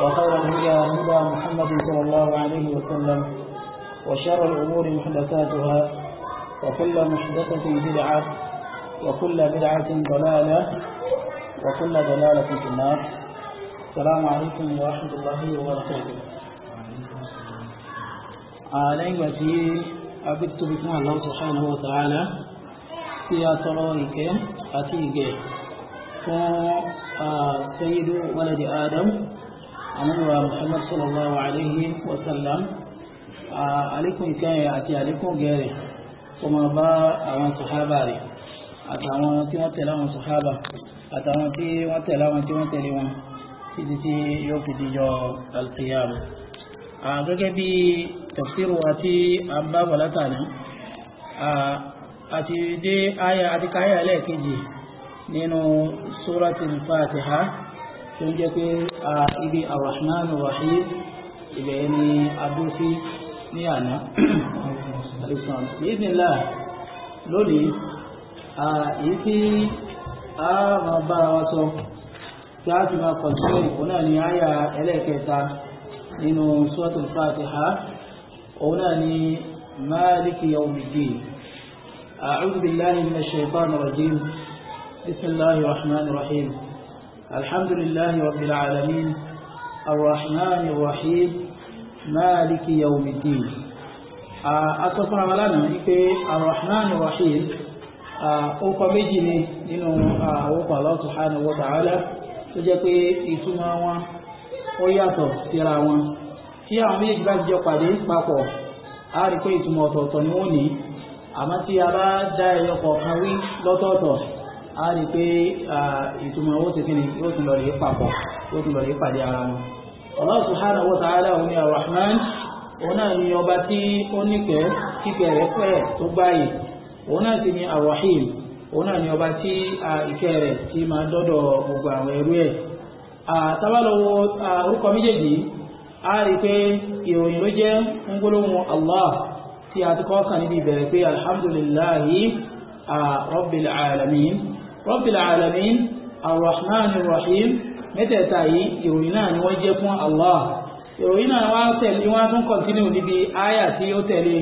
وخير الهدى هدى محمد صلى الله عليه وسلم وشر الأمور محدثاتها وكل محدثة بدعة وكل بدعة ضلالة وكل ضلالة في النار السلام عليكم ورحمة الله وبركاته علي في أبدت بكم الله سبحانه وتعالى في أطرائك أتيك آه، سيد ولد آدم àníwá muhammad sallallahu alayhi wa sallam àlékún ìkẹyìn àti àlékún gẹ̀rẹ̀ tó máa bá àwọn sàhábà rẹ̀ àtàwọn tí wọ́n tẹ̀lé àwọn sàhábà àtàwọn tí wọ́n tẹ̀lé àwọn tí wọ́n tẹ̀lé wọn títí tí yóò fi dijọ́ alkiyama gẹ́gẹ́ bí tafsiru àti àbábọ̀látà náà àti dé àyà àti káyà lẹ́ẹ̀kejì nínú suratul fatiha tó ń jẹ́ pé ibi arahman rahim ibẹ̀ ni adúsí ní àná alexan bismillah lónìí èyí tí a máa bára wa sọ tí a ti máa kọ̀tún ìkún náà ní àyà ẹlẹ́ẹ̀kẹta nínú suratul fatiha òun náà ni maliki yawmiddin a'udhu billahi minash shaitanir rajim bismillahir rahmanir rahim. الحمد لله رب العالمين الرحمن الرحيم مالك يوم الدين أتفر ولنا الرحمن الرحيم ọkọ̀ méjì ni nínú àwọ́pọ̀ Allah subhanahu wa ta'ala tó jẹ́ pé ìtumọ̀ wọn ó yàtọ̀ síra wọn tí àwọn méjì bá jọ pàdé papọ̀ a rí pé ìtumọ̀ ọ̀tọ̀ọ̀tọ̀ ni wọ́n ní àmọ́ tí a bá dá ẹyọ kọ̀ọ̀kan wí lọ́tọ̀ọ̀tọ̀ a rí i pé ìtumọ̀ owó ti kíni yóò tún lọ rí papọ̀ yóò tún lọ rí pàdé ara wọn. Allah subhanahu wa ta'ala òun ni Ar-Rahman òun náà ni ọba tí ó níkẹ̀ẹ́ kíkẹ́ rẹ̀ pẹ́ tó gbáyé òun náà sì ni ar ni ọba tí ìkẹ́ rẹ̀ ti máa dọ́dọ̀ gbogbo àwọn ẹrú ẹ̀. tábàlọ́wọ́ orúkọ méjèèjì a rí i pé ìròyìn ló jẹ́ ń Allah tí a ti kọ́ kàn níbi ìbẹ̀rẹ̀ pé alhamdulillahi rabbil alamin rabbil alamin arrahman arrahim mẹ́tẹ̀ẹ̀ta yìí ìròyìn náà ni wọ́n jẹ́ fún allah ìròyìn náà wá tẹ̀lé wọ́n tún kọ̀ntínú níbi àyà tí ó tẹ̀lé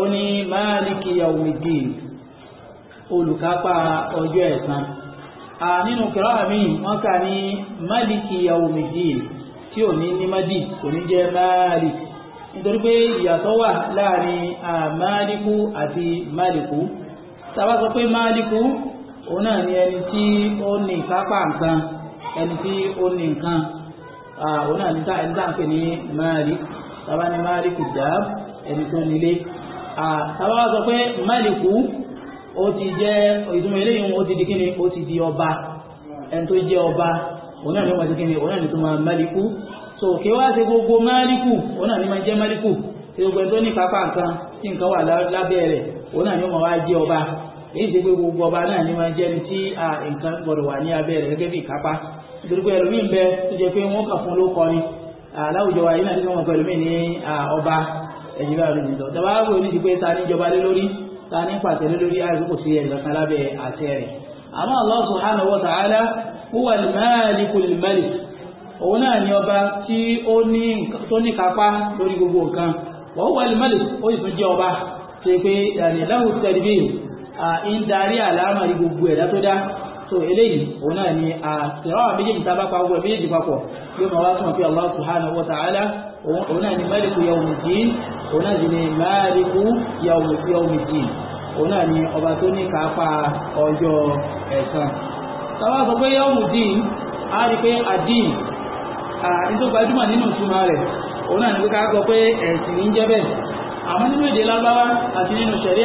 ó ní máàlìkì yawmiddin olùkápá ọjọ́ ẹ̀san a nínú kìrọ́ àmì wọ́n kà ní máàlìkì yawmiddin tí ò ní ní mádì kò ní jẹ́ máàlìkì nítorí pé ìyàtọ̀ wà láàrin àmáàlìkù àti máàlìkù tá pé máàlìkù òun náà ni ẹni tí ó ní ìkápá nǹkan ẹni tí ó ní nǹkan òun náà ní ẹni tá à ń pè ní Malik tàbá ní Malik dàb ẹni tó nílé tàbá wá sọ pé Maliku ó ti jẹ́ ìtumọ̀ eléyìí ó ti di kíni ó ti di ọba ẹni tó jẹ́ ọba òun náà ní wọ́n ti kíni òun náà ní tó máa Maliku so kí wá ṣe gbogbo Maliku òun náà ní máa jẹ́ Maliku tí gbogbo ẹni tó ní ìkápá nǹkan tí nǹkan wà lábẹ́ rẹ̀ òun náà ní ó máa wá jẹ́ ọba èyí ti pé gbogbo ọba náà ni wọ́n jẹ́ ní tí nǹkan gbọ́dọ̀ wà ní abẹ́ rẹ̀ gẹ́gẹ́ bí ìkápá nítorí pé ẹlòmíì ń bẹ tó jẹ́ pé wọ́n kà fún ló kọ ni aláwùjọ wa yìí náà nígbà wọn pẹ̀lú mi ní ọba ẹ̀yìn bá lóyún lọ tàbá wò ní ti pé ta ní ìjọba lé lórí ta ní pàṣẹ lé lórí àìsíkò sí ẹ̀rọ kan lábẹ́ àṣẹ rẹ̀ àmọ́ Allah subhanahu wa ta'ala huwa al-maliku al-malik ni ọba tí ó ní kápá lórí gbogbo huwa al-malik ó sì tún jẹ́ ọba ṣe pé ìdánilẹ́hùn tẹ̀lé bíi in darí àlámà gbogbo ẹ̀dá tó dá so eléyìí òun náà ni àtẹ̀rọ àwọn méjèèjì tá a méjèèjì papọ̀ yóò wá Allah subhanahu wa ta'ala òun náà ni maliku yawmiddin o náà ni maliku yawmiddin òun náà ni ọba tó ní kápá ọjọ́ sọ pé a rí pé àdín nítorí gbajúmọ̀ nínú ìtumọ̀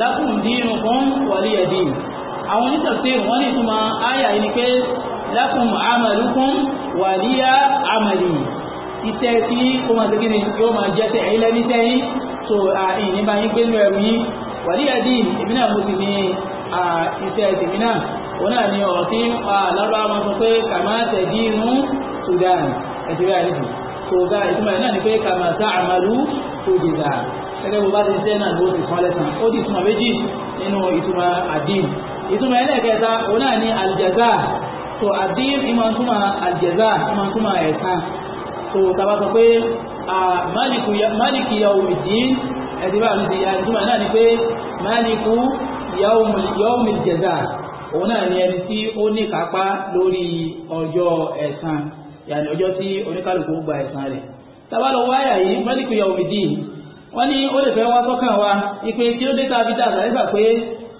lakum dinukum waliya din àwọn onítafsir wọ́n ní ìtumọ̀ àyà yìí ni pé lakum amalukum waliya amali iṣẹ́ tí ó máa segin ni yóò máa jẹ́ tẹ̀ ẹ̀yìn lẹ́ni tẹ́yìn so ìyìn bá yín gbénu ní iṣẹ́ tèmi náà òun náà gẹ́gẹ́ bó bá ti ṣe náà ló ti fún ọlẹ́sàn ó di ìtumọ̀ méjì nínú ìtumọ̀ àdín ìtumọ̀ ẹlẹ́ẹ̀kẹta òun náà ní aljaza so àdín ìmọ̀túnmọ̀ aljaza ìmọ̀túnmọ̀ ẹ̀sán so tàbá sọ pé máàlìkì yawmiddin ẹ̀dìbà àti ìtumọ̀ náà ni pé máàlìkù yawmil jaza òun náà ni ẹni tí ó ní kápá lórí ọjọ́ ẹ̀sán yàní ọjọ́ tí oníkálùkù gba ẹ̀sán rẹ̀ tàbá lọ wáyà yìí máàlìkù wọ́n ní ó lè fẹ́ wá sọ́kàn wa ipe kí ló dé tá a fi dàgbà nígbà pé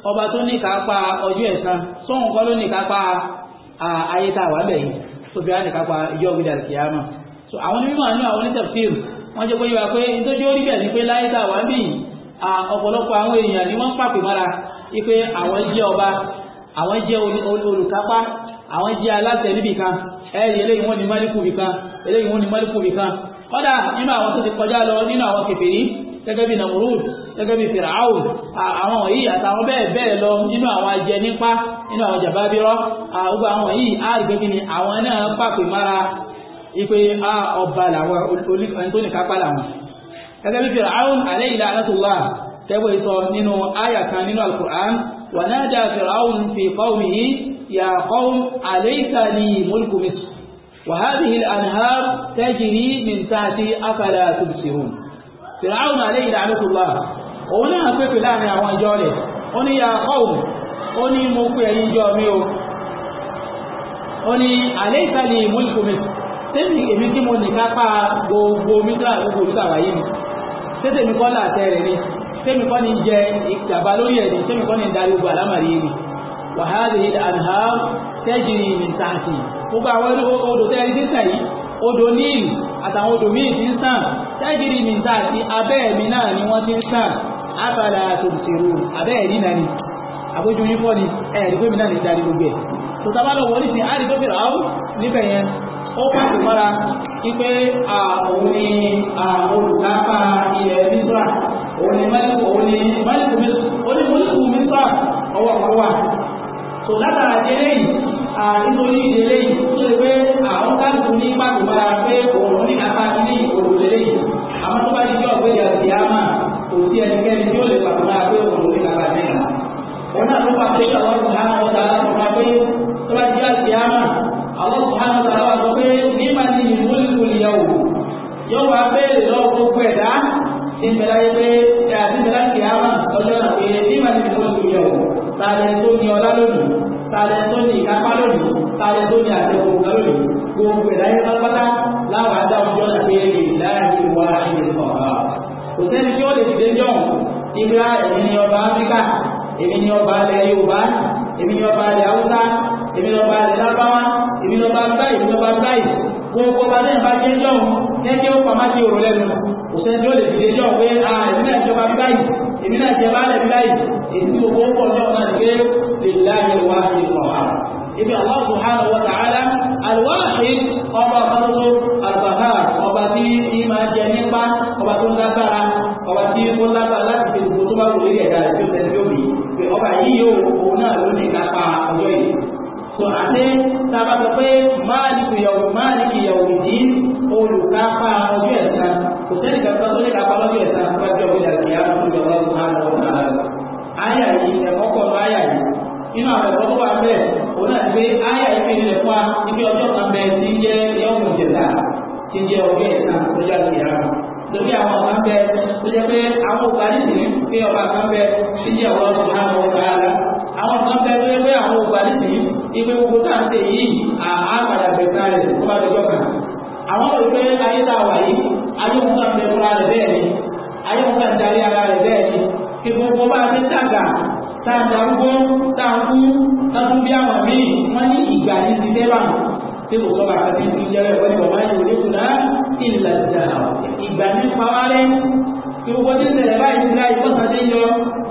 ọba tó ní kápá ọjọ́ ẹ̀san sóhun kọ́ ló ní kápá ayé tá a wà bẹ̀ yìí tó fi wá ní kápá ìjọ ògbédà kìámà so àwọn onímọ̀ àánú àwọn onítẹ̀fíìmù wọ́n jẹ́ pé yíwa pé nítorí ó rí bẹ̀ ni pé láyé tá a wà bíi ọ̀pọ̀lọpọ̀ àwọn èèyàn ni wọ́n pàpè mọ́ra wípé àwọn jẹ́ ọba àwọn jẹ́ olùkápá àwọn jẹ́ aláṣẹ níbì kan ẹ̀rí eléyìí wọ́n ní málíkù bì kan eléyìí wọ́n ní málíkù bì kọ́dà nínú àwọn tó ti kọjá lọ nínú àwọn kèfèrí gẹ́gẹ́ bí namurud gẹ́gẹ́ bí firaun àwọn wọ̀nyí àtàwọn bẹ́ẹ̀ bẹ́ẹ̀ lọ nínú àwọn ajẹ nípa nínú àwọn jàbábírọ́ àwọn àwọn wọ̀nyí àgbẹ̀gbẹ̀ ni àwọn náà pàpè mára ipe ọba làwọn oníkápá làwọn gẹ́gẹ́ bí firaun alayhi la'natullah tẹ́gbẹ̀ sọ nínú àyà kan nínú al-Qur'an وهذه الأنهار تجري من تحته أفلا تبصرون فرعون عليه لعنة الله òun náà pé pè láàrin àwọn ìjọ rẹ̀ ó ní yàkọ́ òun ó ní mú pé ẹ̀yìn ìjọ mi o ó ní àlẹ́ ìsàlẹ̀ ìmúlùkùnmi tẹ́sì èmi tí mo nìká pa gbogbo ni tẹ́sì mi kọ́ láàtẹ́ rẹ̀ ni gbogbo àwọn odò tẹ́ ẹni sísàn yìí odò níìlì àtàwọn odò míì ti ń sàn tẹ́gìrì mi ta àti abẹ́ mi náà ni wọ́n ti ń sàn àfàlà tòbùtìrù abẹ́ ẹ̀rí náà ni àbójú yín fọ́ ni ẹ̀rí pé mi náà ni darí gbogbo ẹ̀ tó tábà lọ wọlé sí àrí tó fèrè áwù níbẹ̀ yẹn ó pàṣẹ mọ́ra wípé òun ni olùkápá ilẹ̀ mísírà òun ni mẹ́lìkù òun ni mẹ́lìkù mísírà ọwọ́ kan wà tó látara jẹ́lẹ́yìn nítorí ìdílé yìí tó lè pé àwọn káàkiri ní pàtó bá yára pé òun ní apá ilé ìkòrò lélé yìí àwọn tó bá ti jẹ́ ọ̀gbẹ́ ìyàtì àmà kò sí ẹnikẹ́ni tí ó lè pàtó bá pé òun ní apá mẹ́ta òun náà ló pàtó ìyàwó ọ̀gbọ̀n àwọn ọ̀dà àtọ̀kọ̀ pé tó bá ti jẹ́ àti àmà àwọn ọ̀gbọ̀n àwọn ọ̀dà wà sọ pé nígbà tí ìmúlùmùlù yàwó yóò wá bẹ́ẹ̀ lọ́wọ́ gbogbo ẹ̀dá yẹn pátápátá láwọn adá ọjọ́ náà pé èmi láàrin ìwà ìdìbò ọ̀gá kò sẹ́ni tí ó lè dìde jọ̀ ìgbà èmi ni ọba áfíríkà èmi ni ọba alẹ́ yorùbá èmi ni ọba alẹ́ haúsá èmi ni ọba alẹ́ lábáwá èmi ni ọba báyìí èmi ni ọba báyìí gbogbo ọba náà bá dé jọ̀ kẹ́kẹ́ ó pamá sí òrò lẹ́nu kò sẹ́ni tí ó lè dìde jọ̀ pé èmi náà jọba báyìí èmi náà jẹ bá alẹ́ báyìí èmi gbogbo ó pọ̀ jọ̀ náà ní pé lè láàrin ìwà ìdìbò ọ̀gá Ini Allah subhanahu wa ta'ala al-wahid ọba ọ̀pọ̀lọpọ̀ Al Bahar, tí ní máa jẹ nípa ọba tó lágbára ọba tí ó lágbára láti fi gbogbo tó bá wù lórí ẹ̀dá tí ó tẹ̀lé omi pé ọba yìí yóò òun náà ló ní kápá ọjọ́ yìí so àti tábà sọ pé máàlìkì yawm máàlìkì yawm ìdí olùkápá ọjọ́ ẹ̀sán kò sẹ́ni pé áyà ìpele rẹ̀ fún wa ibi ọjọ́ kan bẹ tí ń jẹ́ ìjẹta tí ń jẹ́ ìsàn tó sí ara lórí àwọn bẹ tó jẹ́ pé àwọn pé ọba kan bẹ tí ń jẹ́ ọ̀sùn ọ̀gá ara àwọn bẹ tó jẹ́ pé àwọn gbogbo tá à ń tè yìí àpàdà rẹ̀ tó bá kan àwọn ayé tá a wà yìí ayé tá a darúgbó tá a kú tá a tún bí àwọn míì wọ́n ní ìgbà ní ti dé báwọn tí kò sọ́ba àti ti jẹ́rẹ̀ wọ́n ní bàbá yìí ò ní kùnà ìlà ìjà ìgbà ní pàwárẹ́ tí gbogbo tí ń tẹ̀lé báyìí ti láì fọ́sà dé yọ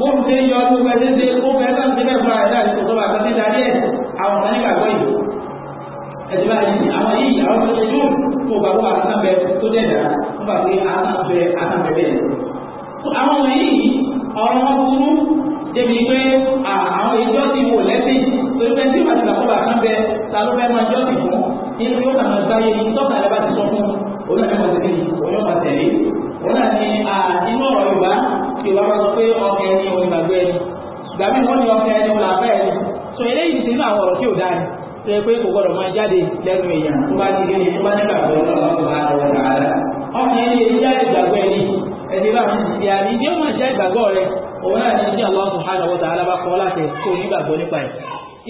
ó ń dé yọ ó fẹ́ dé dé ó fẹ́ sàn dé bẹ́ẹ̀ fún àrẹ láti kò sọ́ba àti ti darí ẹ̀ àwọn kan ní kàgbọ́ yìí ẹ̀sìn báyìí àwọn yìí àwọn tó ṣe yóò kó gbàgbọ́ àtàbẹ̀ tó dẹ̀ dà nígbà tí àtàbẹ̀ àtàbẹ̀ bẹ́ẹ̀ àwọn yìí ọ̀rọ̀ wọn burú débi pé àwọn ìjọ ti wò lẹ́sìn tó ń bẹ tí wọ́n ti gbà kọ́ba kan bẹ ta ló fẹ́ máa jọ́ sí fún inú yóò kàn máa gbáyé ní tọ́ka ẹ̀ bá ti sọ fún òun náà máa tẹ̀lé òun náà máa tẹ̀lé òun náà ni inú ọ̀rọ̀ Yorùbá Yorùbá máa sọ pé ọkẹ ẹni òun ìgbàgbé ẹni ìgbà mí wọ́n ọkẹ ẹni òun làbẹ́ ẹni so eléyìí ti ní àwọn ọ̀rọ̀ tí ò dáa tó yẹ pé kò gbọdọ̀ máa jáde lẹ́nu èèyàn tó bá ti gbé òun náà ní tí Allah subhanahu wa ta'ala bá kọ́ láti kó nígbàgbọ́ nípa ẹ̀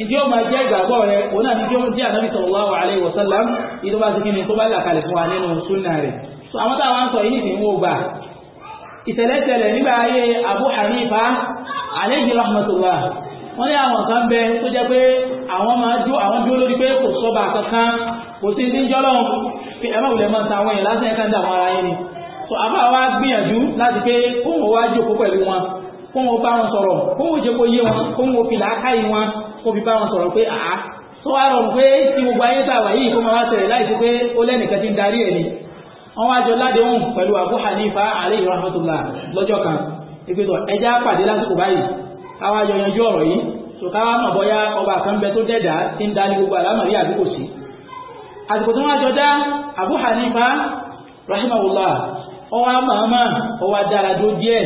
ìdí ó máa jẹ́ ìgbàgbọ́ rẹ̀ òun náà ní tí ó ń jẹ́ ànábì sallallahu alaihi wa sallam ìdí ó bá ti kíni tó bá là fún wa nínú súnà rẹ̀ so àwọn tá a wá ń sọ yìí nìsín wò gbà ìtẹ̀lẹ́tẹ̀lẹ̀ nígbà ayé Abu Hanifa alayhi rahmatullah wọ́n ní àwọn kan bẹ tó jẹ́ pé àwọn máa jó àwọn dúró lórí pé kò sọ́ba kankan kò sí ní jọ́lọ́ pé máa ta àwọn èèyàn lásán ẹ̀ka ń dà wọn ara yín ni so àbá wa gbìyànjú láti pé òun wá jókòó pẹ̀lú wọn kó wọn bá wọn sọ̀rọ̀ kó wọn jẹ́ kó yé wọn kó wọn fi làákàyè wọn kó fi bá wọn sọ̀rọ̀ pé àá tó wá rọrùn pé tí gbogbo ayé tà wà yìí kó máa wá tẹ̀lé láìsí pé ó lẹ́nìkan ti ń darí ẹ̀ ni wọ́n wá jọ ládéhùn pẹ̀lú Abu Hanifa alayhi rahmatullah lọ́jọ́ kan ìgbésọ̀ ẹja pàdé lásìkò báyìí káwá jọ yanjú ọ̀rọ̀ yìí tó káwá mọ̀ bọ́yá ọba kan bẹ tó dẹ̀dá tí ń darí gbogbo àlámọ̀rí àdúgbò sí àsìkò tí wọ́n jọ dá Abu Hanifa rahimahullah ọwọ́ àmàmà ọwọ́ adáradó díẹ̀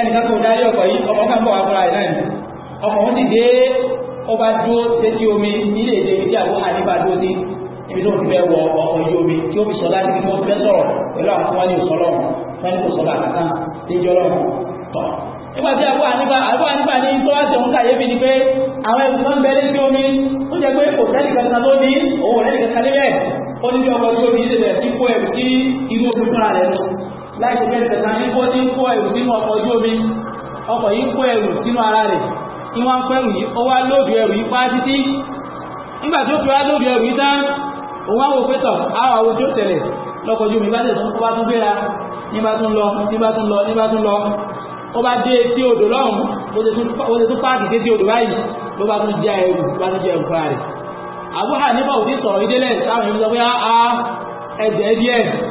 ẹnìkan tó darí ọkọ̀ yìí ọkọ̀ kan bọ̀ wá fúnra rẹ̀ náà ni ọkọ̀ wọn sì dé ó bá dúró sétí omi nílé èdè ibi tí àbó àdébà dúró sí ibi tó fi fẹ́ wọ ọkọ̀ ojú omi tí ó fi sọ láti fi fẹ́ sọ̀rọ̀ pẹ̀lú àwọn tí wọ́n ní òsọ lọ́rùn wọ́n ní kò sọ̀rọ̀ àkàtà léjọ́ lọ́rùn tọ̀ nígbà tí àbó àdébà àbó àdébà ní tó wá sẹ̀wọ́n kàyéfì ni pé àwọn ẹ̀sùn náà ń bẹ létí omi ó láìsí pé ẹ̀sẹ̀ kan ní kó ní kó ẹrù sínú ọkọ̀ ojú omi ọkọ̀ yìí kó ẹrù sínú ara rẹ̀ ní wọ́n ń kó ẹrù yìí ó wá lóòdù ẹrù yìí pa títí nígbà tó fi wá lóòdù ẹrù yìí tán òun àwọn òpétọ̀ àwọn àwọn ojú tẹ̀lẹ̀ lọ́kọ̀ ojú omi bá tẹ̀ tó bá tún gbéra ní bá tún lọ ní bá tún lọ ní bá tún lọ ó bá dé etí odò lọ́hùn ó ti tún páàkì dé etí odò báyìí ló bá tún já ẹrù bá tún já ẹrù fúnra rẹ̀ àbúhà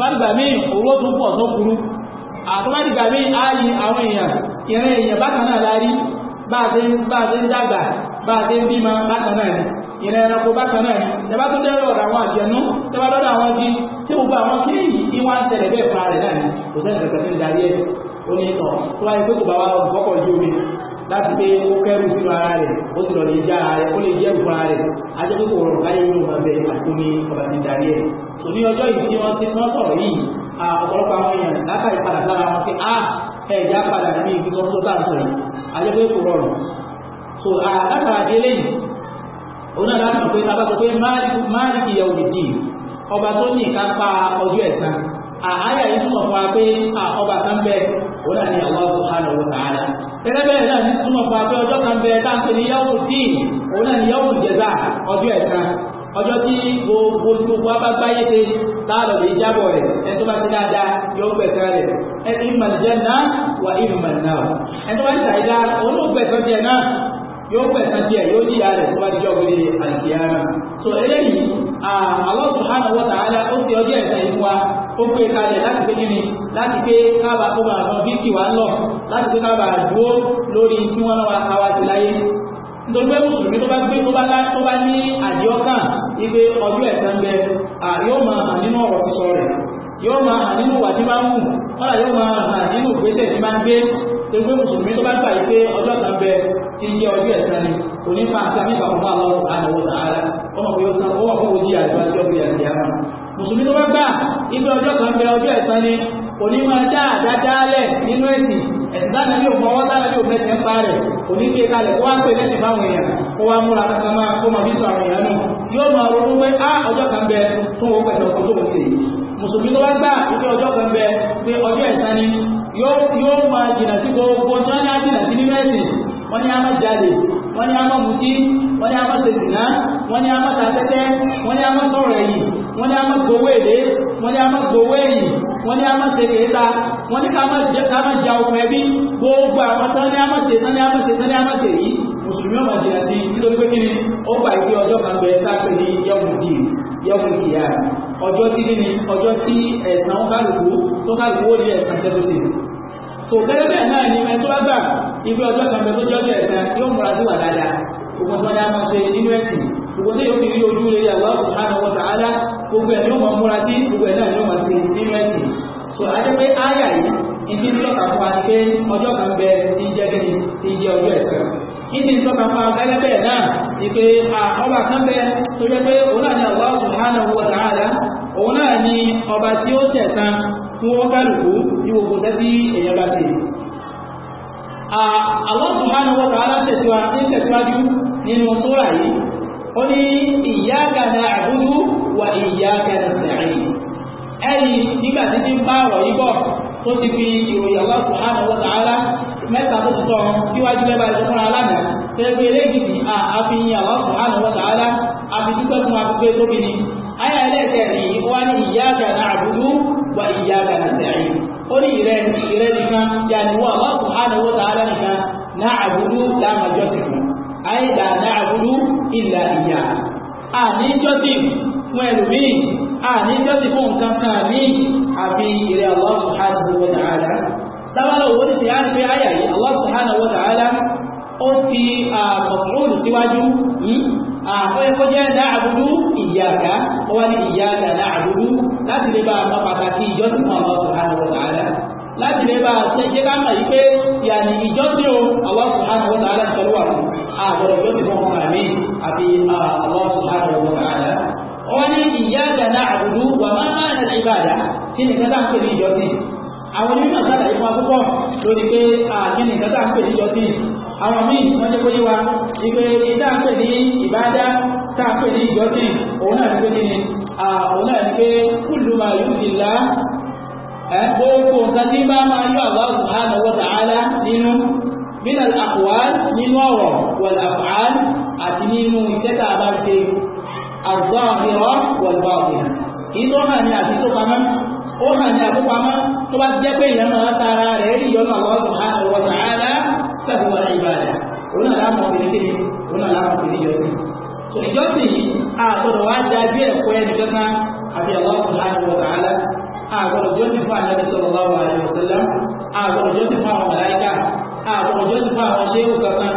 bágbà míì owó tún pọ̀ tó kúrú àtúmọ̀dìgbà míì ààyè àwọn èèyàn ìrìn èèyàn bákan náà lárí bá a ṣe ń dàgbà bá ń bímọ bákan náà ni ìrìn ẹranko bákan náà ni tẹ́bá tó dẹ́rọ̀ àwọn àjẹnú tẹ́bá lọ́dọ̀ àwọn jí tí gbogbo àwọn kéèyì láti pé ó kẹ́rù sí ara rẹ̀ ó sì lọ lè já ara rẹ̀ ó lè jẹ́ ìfura rẹ̀ ajẹ́pẹ́ kò rọrùn káyé inú ọmọ bẹ́ẹ̀ àti omi ọba ti darí ẹ̀ tò ní ọjọ́ yìí tí wọ́n ti wọ́n sọ̀rọ̀ yìí ọ̀pọ̀lọpọ̀ àwọn èèyàn látàrí padà sára wọn pé a ah, ẹ̀já padà ní ibi tó tó dáa sọ̀rọ̀ ajẹ́pẹ́ kò rọrùn so látara di eléyìí òun náà láti mọ̀ pé abá sọ pé máàlìkì yẹ òdìdì ọba tó ní ìkápá ọjọ́ ẹ̀san àáyà yìí túmọ̀ fún wa pé ọba kan bẹ́ẹ̀ òun náà ní Allah subhanahu wa ta'ala gẹ́gẹ́ bẹ́ẹ̀ náà ní túnmọ̀ fún abẹ́ ọjọ́ kan bẹ tá à ń pè ní yahoo dín òun náà ní yahoo jẹ̀dá ọjọ́ ẹ̀san ọjọ́ tí gbogbo gbogbo abágbáyé ṣe láàrọ̀ lè jábọ̀ rẹ̀ ẹni tó bá ti dáadáa yóò gbẹ̀sẹ̀ rẹ̀ ẹni ìmọ̀ náà wà ìmọ̀ náà ẹni tó bá ti ṣàìdá òun náà yóò pẹ̀sán díẹ̀ yóò jíyà rẹ̀ tó bá jíjọ́ gbé so eléyìí Allah subhanahu wa ta'ala ó ti ọjọ́ ẹ̀sán yìí wá ó pé e kalẹ̀ láti pé kíni láti pé káàbà kó máa san bíkì wá ń lọ láti pé dúró lórí tí wọ́n náà wá sí láyé nítorí pé mùsùlùmí tó bá gbé tó bá lá tó bá ní ibi ọjọ́ bẹ yóò máa hàn nínú ọ̀rọ̀ sísọ rẹ̀ yóò máa hàn nínú ìwà tí ń kọ́lá yóò máa tó gbé mùsùlùmí tó bá gbà yìí pé ọjọ́ kan bẹ ti yẹ ọjọ́ ẹ̀sán ni kò ní fa àti àmìfà fún àwọn àlọ́wọ́ sàárà ọmọ pé ó san owó fún òjì àjọ àti ọgbẹ́ àti àmà mùsùlùmí tó bá gbà ibi ọjọ́ kan bẹ ọjọ́ ẹ̀sán ni kò ní máa dá àdádálẹ̀ nínú ẹ̀sìn ẹ̀sìn dáná ní òfin ọwọ́ dáná ní òfin ẹ̀sìn pa rẹ̀ kò ní gbé e kalẹ̀ kó wá pè lẹ́sìn fáwọn èèyàn kó wá múra kankan máa kó máa bí sọ àwọn èèyàn náà yóò máa ronú pé á ọjọ́ kan bẹ fún òun pẹ̀lú ọkọ̀ tó kò sí mùsùlùmí tó bá gbà wípé ọjọ́ kan bẹ pé ọjọ́ ẹ̀sán ni yóò máa jìnà sí gbogbo tí wọ́n ní á jìnà sí nínú ẹ̀sìn wọ́n ní á má jáde wọ́n ní á má mutí wọ́n ní á má sèsìnà wọ́n ní á tàtẹ́tẹ́ wọ́n ní á sọ̀rọ̀ ẹ̀yìn wọ́n ní gbowó wọ́n ní gbowó ẹ̀yìn wọ́n ní a máa ṣe wọ́n ní ká máa ja okùn ẹbí gbogbo àwọn tán ní a máa tán ní ọjọ́ tí kíni ọjọ́ tí ẹ̀sán kálukú tó kálukú ó rí ẹ̀sán tẹ́tọ́ sí so gẹ́gẹ́ bẹ́ẹ̀ náà ni ẹni tó bá gbà ibi ọjọ́ kan bẹ tó jọ́jọ́ ẹ̀sán yóò múra sí wà dáadáa gbogbo tó ní a máa ṣe nínú ẹ̀sìn gbogbo tí yóò fi rí ojú rere Allah subhanahu wa ta'ala gbogbo ẹ̀ ni ó máa múra sí gbogbo ẹ̀ náà ni máa ṣe nínú ẹ̀sìn so ajẹ́ pé áyà yìí ìdí tọ́ka fún wa ni pé ọjọ́ kan bẹ ti jẹ́ kíni ti jẹ́ ọjọ́ ẹ̀sán tọ́ka fún wa náà ni ọba kan bẹ tó jẹ́ pé òun náà ni Allah subhanahu wa ta'ala òun náà ni ọba tí ó tẹ̀sán fún wọn kálukú ní gbogbo tẹ́tí èèyàn bá ti Allah subhanahu wa ta'ala tẹ̀síwájú nínú sóra yìí ó ní wa iyyaka nasta'in ẹ̀yìn nígbà tí ń bá ọ̀rọ̀ yìí bọ̀ tó ti fi ìròyìn Allah mẹ́ta tó a dúpẹ́ fún ayé ẹlẹ́ẹ̀kẹ́rin wá ní iyyaka na'budu wa iyyaka nasta'in ó ní ìrẹ́ ìrẹ́ nìkan yàní wọ́n Allah subhanahu wa ta'ala nìkan na'budu láàmàjọ́ sí fún ayé la na'budu illa iyyah àní jọ́sìn fún ẹlòmíì àní jọ́sìn fún nǹkan kan ní àfi ìrẹ́ Allah subhanahu wa ta'ala tábàlọ̀ owó ti á ń pé ayà yìí Allah subhanahu wa ó ti àmọ̀kúrò àkọ́yẹ kó jẹ́ láàbùdú ìyáka ó wá ní ìyáka láàbùdú láti lè bá àwọn pàtàkì ìjọsìn náà lọ sí àwọn ọ̀tàlá láti lè bá ṣe jẹ́ ká mọ̀ yìí pé ìyàní ìjọsìn o àwọn subhanahu wa ta'ala ṣọlú wà fún àwọn ìjọsìn fún ọmọ mi àti àwọn subhanahu wa ta'ala ó wá ní ìyáka láàbùdú wà má má nà ní ìbàdà kí ni kátà ń pè ní ìjọsìn àwọn onímọ̀ sálàyé fún akókò lórí pé àkíní kátà ń pè ní ìjọsìn àwọn míì wọ́n jẹ́ kó yé wa ìpè ìdá pè ní ìbádá tá a pè ní ìjọsìn òun náà ti pé kí ni òun náà ti pé kúlù máa yóò ti bá máa yọ Allah subhanahu wa ta'ala nínú min al-aqwal nínú ọ̀rọ̀ wal af'al àti nínú iṣẹ́ tá a bá ṣe az-zahira wal batina ìtọ́ hàn ní àti tó pamọ́ ó hàn ní bá jẹ́ pé ìyẹn máa tara rẹ̀ ìyọnu Allah subhanahu wa ta'ala sẹ́fún wọn ìbàdàn òun náà láwọn obìnrin kéde òun náà láwọn obìnrin yọsìn tó ìjọsìn yìí àgbọ̀dọ̀ wá da bí ẹ̀kọ́ ẹni kankan àti Allah subhanahu wa ta'ala àgbọ̀dọ̀ jọ́sìn fún àlẹ́ sallallahu alaihi wasallam àgbọ̀dọ̀ jọ́sìn fún àwọn màláíkà àgbọ̀dọ̀ jọ́sìn fún àwọn ṣéwù kankan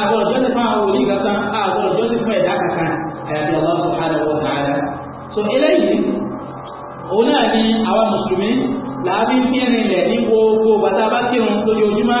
àgbọ̀dọ̀ jọ́sìn fún àwọn wòlíì kankan àgbọ̀dọ̀ jọ́sìn fún ẹ̀dá kankan àyàfi Allah subhanahu wa ta'ala so eléyìí òun náà ni àwa mùsùlùmí làá fi ń fi ẹni rẹ̀ ní gbogbo bàtà bá kírun lójoojúmọ́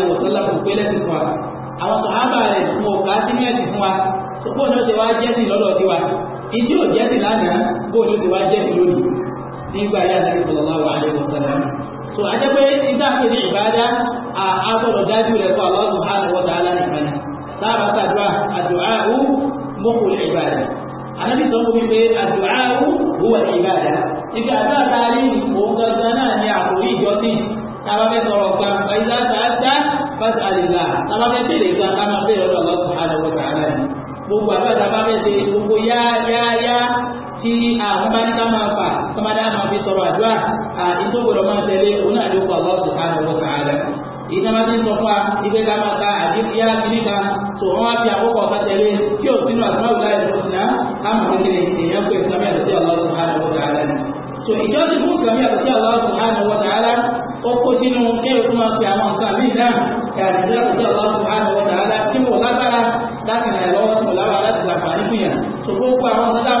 sọ́lá kò pé lẹ́sìn fún wa àwọn sàhábà rẹ̀ fún ọ̀gá sí ní ẹ̀sìn fún wa bó ni ó ti wá jẹ́sìn lọ́dọ̀ tiwa ìdí ò jẹ́sìn lánàá bó ni ó ti wá jẹ́sìn lónìí nígbà yá Ànábì sallallahu alaihi wasallam so a jẹ́ pé nígbà pé ní ìbádá àgbọ̀dọ̀ dájú rẹ̀ fún Allah subhanahu wa ta'ala nìkan sábà sàdúrà àdúrà ó mọ́kù fásitì àlèlà tábà fẹ́ tẹ̀lé ìgbà ká máa bẹ̀rẹ̀ ọ̀dọ̀ Allah subhanahu wa ta'ala ni gbogbo àgbà tábà fẹ́ ṣe gbogbo yáyáyá tí àwọn bá ní ká máa fà tọ́mọdé àwọn fi sọ̀rọ̀ àdúrà àìsókòrò máa tẹ̀lé òun náà ló kọ Allah subhanahu wa ta'ala ìjọba ti ń sọ fún wa ibi ká máa ka àdínkìá kìnnìkan tó wọn wá fi àkókò ọ̀ká tẹ̀lé kí o sínú àtúnwáwò láì lọ sí náà káàmù kékeré Allah subhanahu wa ta'ala ni. tó ìjọ ti fún ìsàmì Allah subhanahu wa ta'ala ó kó sínú kéèkó máa fi àwọn nǹkan míì kàdé tí wọ́n ti ọ̀tọ̀ ọ̀tọ̀ àwọn ọ̀tọ̀ àdá tí wọ́n lágbára láti ràn lọ́wọ́ tí wọ́n láti làǹfààní fún yàn tó gbogbo àwọn ọ̀tọ̀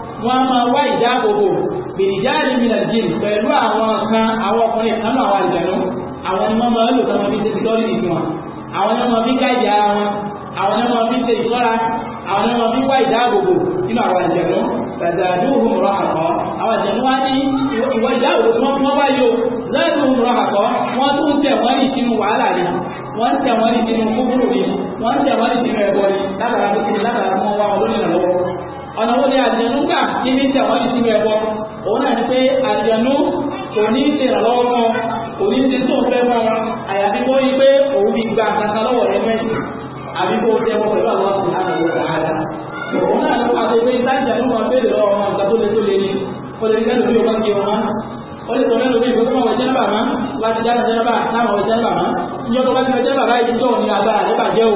wọ́n á máa wá ìdáàbòbò gbèdìjáde mi làjì pẹ̀lú àwọn kan àwọn ọkùnrin kan náà wà ìjànú àwọn ni wọ́n máa ń lò tọ́mọ bí ṣe síkọ́rì nìkan wọn àwọn ni wọ́n fi gáàjì ara wọn àwọn ni wọ́n fi ṣe ìṣọ́ra àwọn ni wọ́n fi wá ìdáàbòbò nínú àwọn ìjànú tàdàdú òmùrọ̀ àkọ́ àwọn ìjànú wá ní ìwọ ìdáàbòbò tí wọ́n fún ọ báyìí o láti òmùrọ̀ àkọ́ wọ́n tún tẹ̀ wọ́n ní ìsinú wàhálà ni wọ́n tẹ̀ wọ́n ní ìsinú kúkúrú ni wọ́n tẹ̀ wọ́n ní ìsinú ẹ̀bọ ni látara tó kiri látara tó wọ́n wá wọn lónìí lọ́wọ́ ọ̀nà wo ni àjẹnú gbà kí ní tẹ̀ wọ́n ní síbi ẹ̀bọ òun náà ni pé àjẹnú kò ní ṣe ìrànlọ́wọ́ kan kò ní ṣe tó ń fẹ́ fún wọn àyàfi kó yí pé òun fi gba kankan lọ́wọ́ rẹ mẹ́rin àbí kó tẹ́ wọn pẹ̀lú àwọn ọ̀sìn láti wọ wàhálà òun náà ló wà pé ìta ìjànú kan béèrè lọ́wọ́ wọn nǹkan tó le tó le ni ó lè kẹ́ lómi òkú kí wọn ó lè sọ mẹ́lò mi ìgbésẹ̀ wọn wọ̀jẹ́ bàmá láti jáde jẹ́ bà táwọn wọ̀jẹ́ bàmá ìjọba bá ti wọ̀jẹ́ bàbá ìjọ ní agbára àdébàjẹ́ o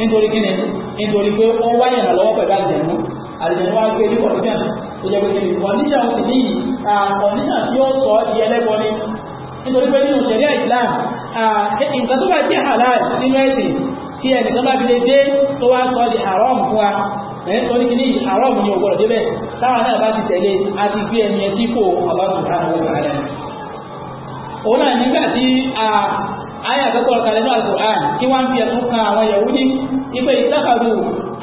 nítorí kí ni nítorí pé ó wá yàrá lọ́wọ́ pẹ̀lú àjẹ̀mú àjẹ̀mú wá gbé ní kọ̀ọ̀díjà tó jẹ́ pé kí ni kọ̀ọ̀díjà ó sì ní kọ̀ọ̀díjà tí ó sọ di ẹlẹ́bọ ni nítorí pé nínú ìṣẹ̀lẹ̀ Islam nǹkan tó bá jẹ́ halal nínú ẹ̀sìn tí ẹnìkan bá fi lè dé tó wá sọ di haram fún wa ẹ̀yìn tó ní kí ní haram ni ògbọ́dọ̀ a ti àyà àkọ́kọ́ kalẹ̀ náà Al-Qur'an kí wọ́n fi ẹ̀sùn kan àwọn Yahudi ipe ìtàkàdù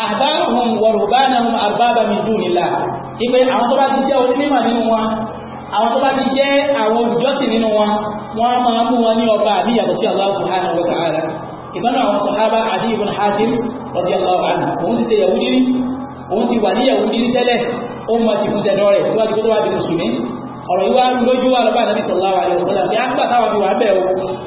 àbáhùn wọ̀rùbánahùn arbaba min dunillah ipe àwọn tó bá ti jẹ́ onímọ̀ nínú wọn àwọn tó bá ti jẹ́ àwọn olùjọ́sìn nínú wọn wọ́n máa mú wọn ní ọba àbí yàtọ̀ sí Allah àwọn sàhábà Adi ibn Hatim radiyallahu anhu wà ní Yahudi rí bí wà bẹ́ẹ̀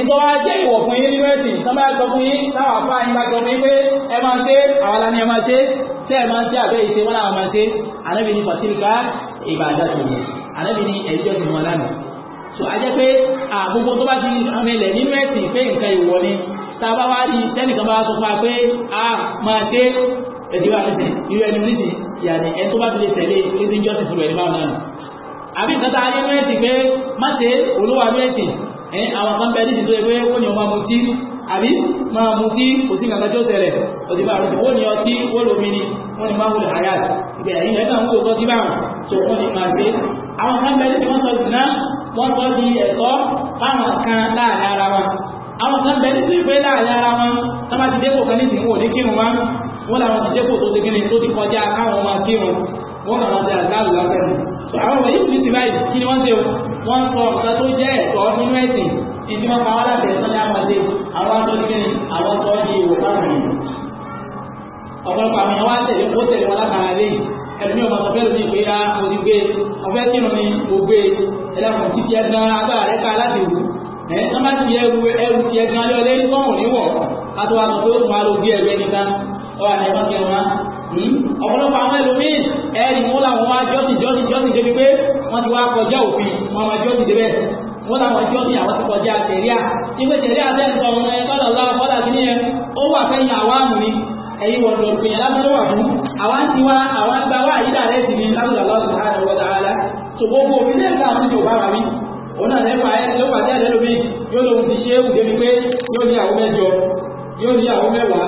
ìtọ́wà jẹ́ ìwọ̀ fún yín nínú ẹ̀sìn sọ́mọ́ ẹ̀sọ́ fún yín táwọn afá yín bá gbọ́ fún yín pé ẹ máa ń ṣe àwọn alani ẹ máa ṣe tẹ́ ẹ máa ń ṣe àbẹ́ ìṣe wọn làwọn máa ṣe ànábì ní fatilka ìbàdà tó yẹ ànábì ní ẹjọ́ ìṣe wọn lánàá. tó a jẹ́ pé àgbogbo tó bá ti amẹ́lẹ̀ nínú ẹ̀sìn pé nǹkan ìwọ ni tá a bá wá di tẹ́nìkan bá sọ fún wa pé a máa ṣe ẹ̀dínwá nìsín irú ẹni nìsín yàní ẹ tó bá ti lè tẹ̀lé ẹ̀sìn jọ́sìn fún ẹ̀dínwá náà àbí nǹkan tá a ẹ àwọn kan bẹ nídìí tó yẹ pé ó ní ọmọ mutí àbí máa mutí kò sí nǹkan tó tẹ̀lẹ̀ òsì bá rúbí ó ní ọtí ó lómi ni wọ́n ní máa wùlọ àyà ìgbẹ̀ ẹ̀yìn ẹ̀ka ń kó ọkọ sí báwọn tó wọ́n ní máa gbé àwọn kan bẹ nídìí àwọn ọmọ yìí ti báyìí kí ni wọ́n ṣe wọ́n sọ ọ̀sán tó jẹ́ ẹ̀tọ́ nínú ẹ̀sìn ìdí wọn pa wọn láti ẹ̀sán ní àmọ́dé àwọn aṣọ ní kíni àwọn sọ ní ìwò fáwọn ọ̀pọ̀lọpọ̀ àwọn èèyàn wá tẹ̀lé ó tẹ̀lé wọn látara lé ẹ̀mí ọmọ sọfẹ́ lómi ìgbé ya òní gbé ọfẹ́ e. kí ni o gbé e. ẹlẹ́kùn tí tiẹ̀ gan agbára rẹ̀ ká láti wù ẹ̀ wọ́n Hmm? ọ̀pọ̀lọpọ̀ àwọn ẹlòmíì ẹ̀rì wọn làwọn wá jọ́sìn jọ́sìn jọ́sìn débi pé wọ́n ti wá kọjá òfin wọn máa jọ́sìn débẹ̀ wọn làwọn jọ́sìn àwọn ti kọjá tẹ̀ríà ìgbé tẹ̀ríà bẹ́ẹ̀ sọ ọmọ ẹ kọ́lọ̀ lọ́wọ́ kọ́lá sí ni ẹ ó wà fẹ́yìn àwọn àmì ni ẹ̀yin wọ̀n lọ pè lábẹ́ tó wà fún àwọn ti wá àwọn gba wá àyídà rẹ̀ sì ni lábẹ́ lọ́wọ́ sì hàn wọ́n dáadáa tó gbogbo òfin lẹ́ẹ̀ka àwọn ti ò bá wà mí òun náà lẹ́fà ẹ ló pàtẹ́ ẹ̀rẹ́ lómi yóò lóun ti ṣe é wù débi pé yóò ní àwọn mẹ́jọ yóò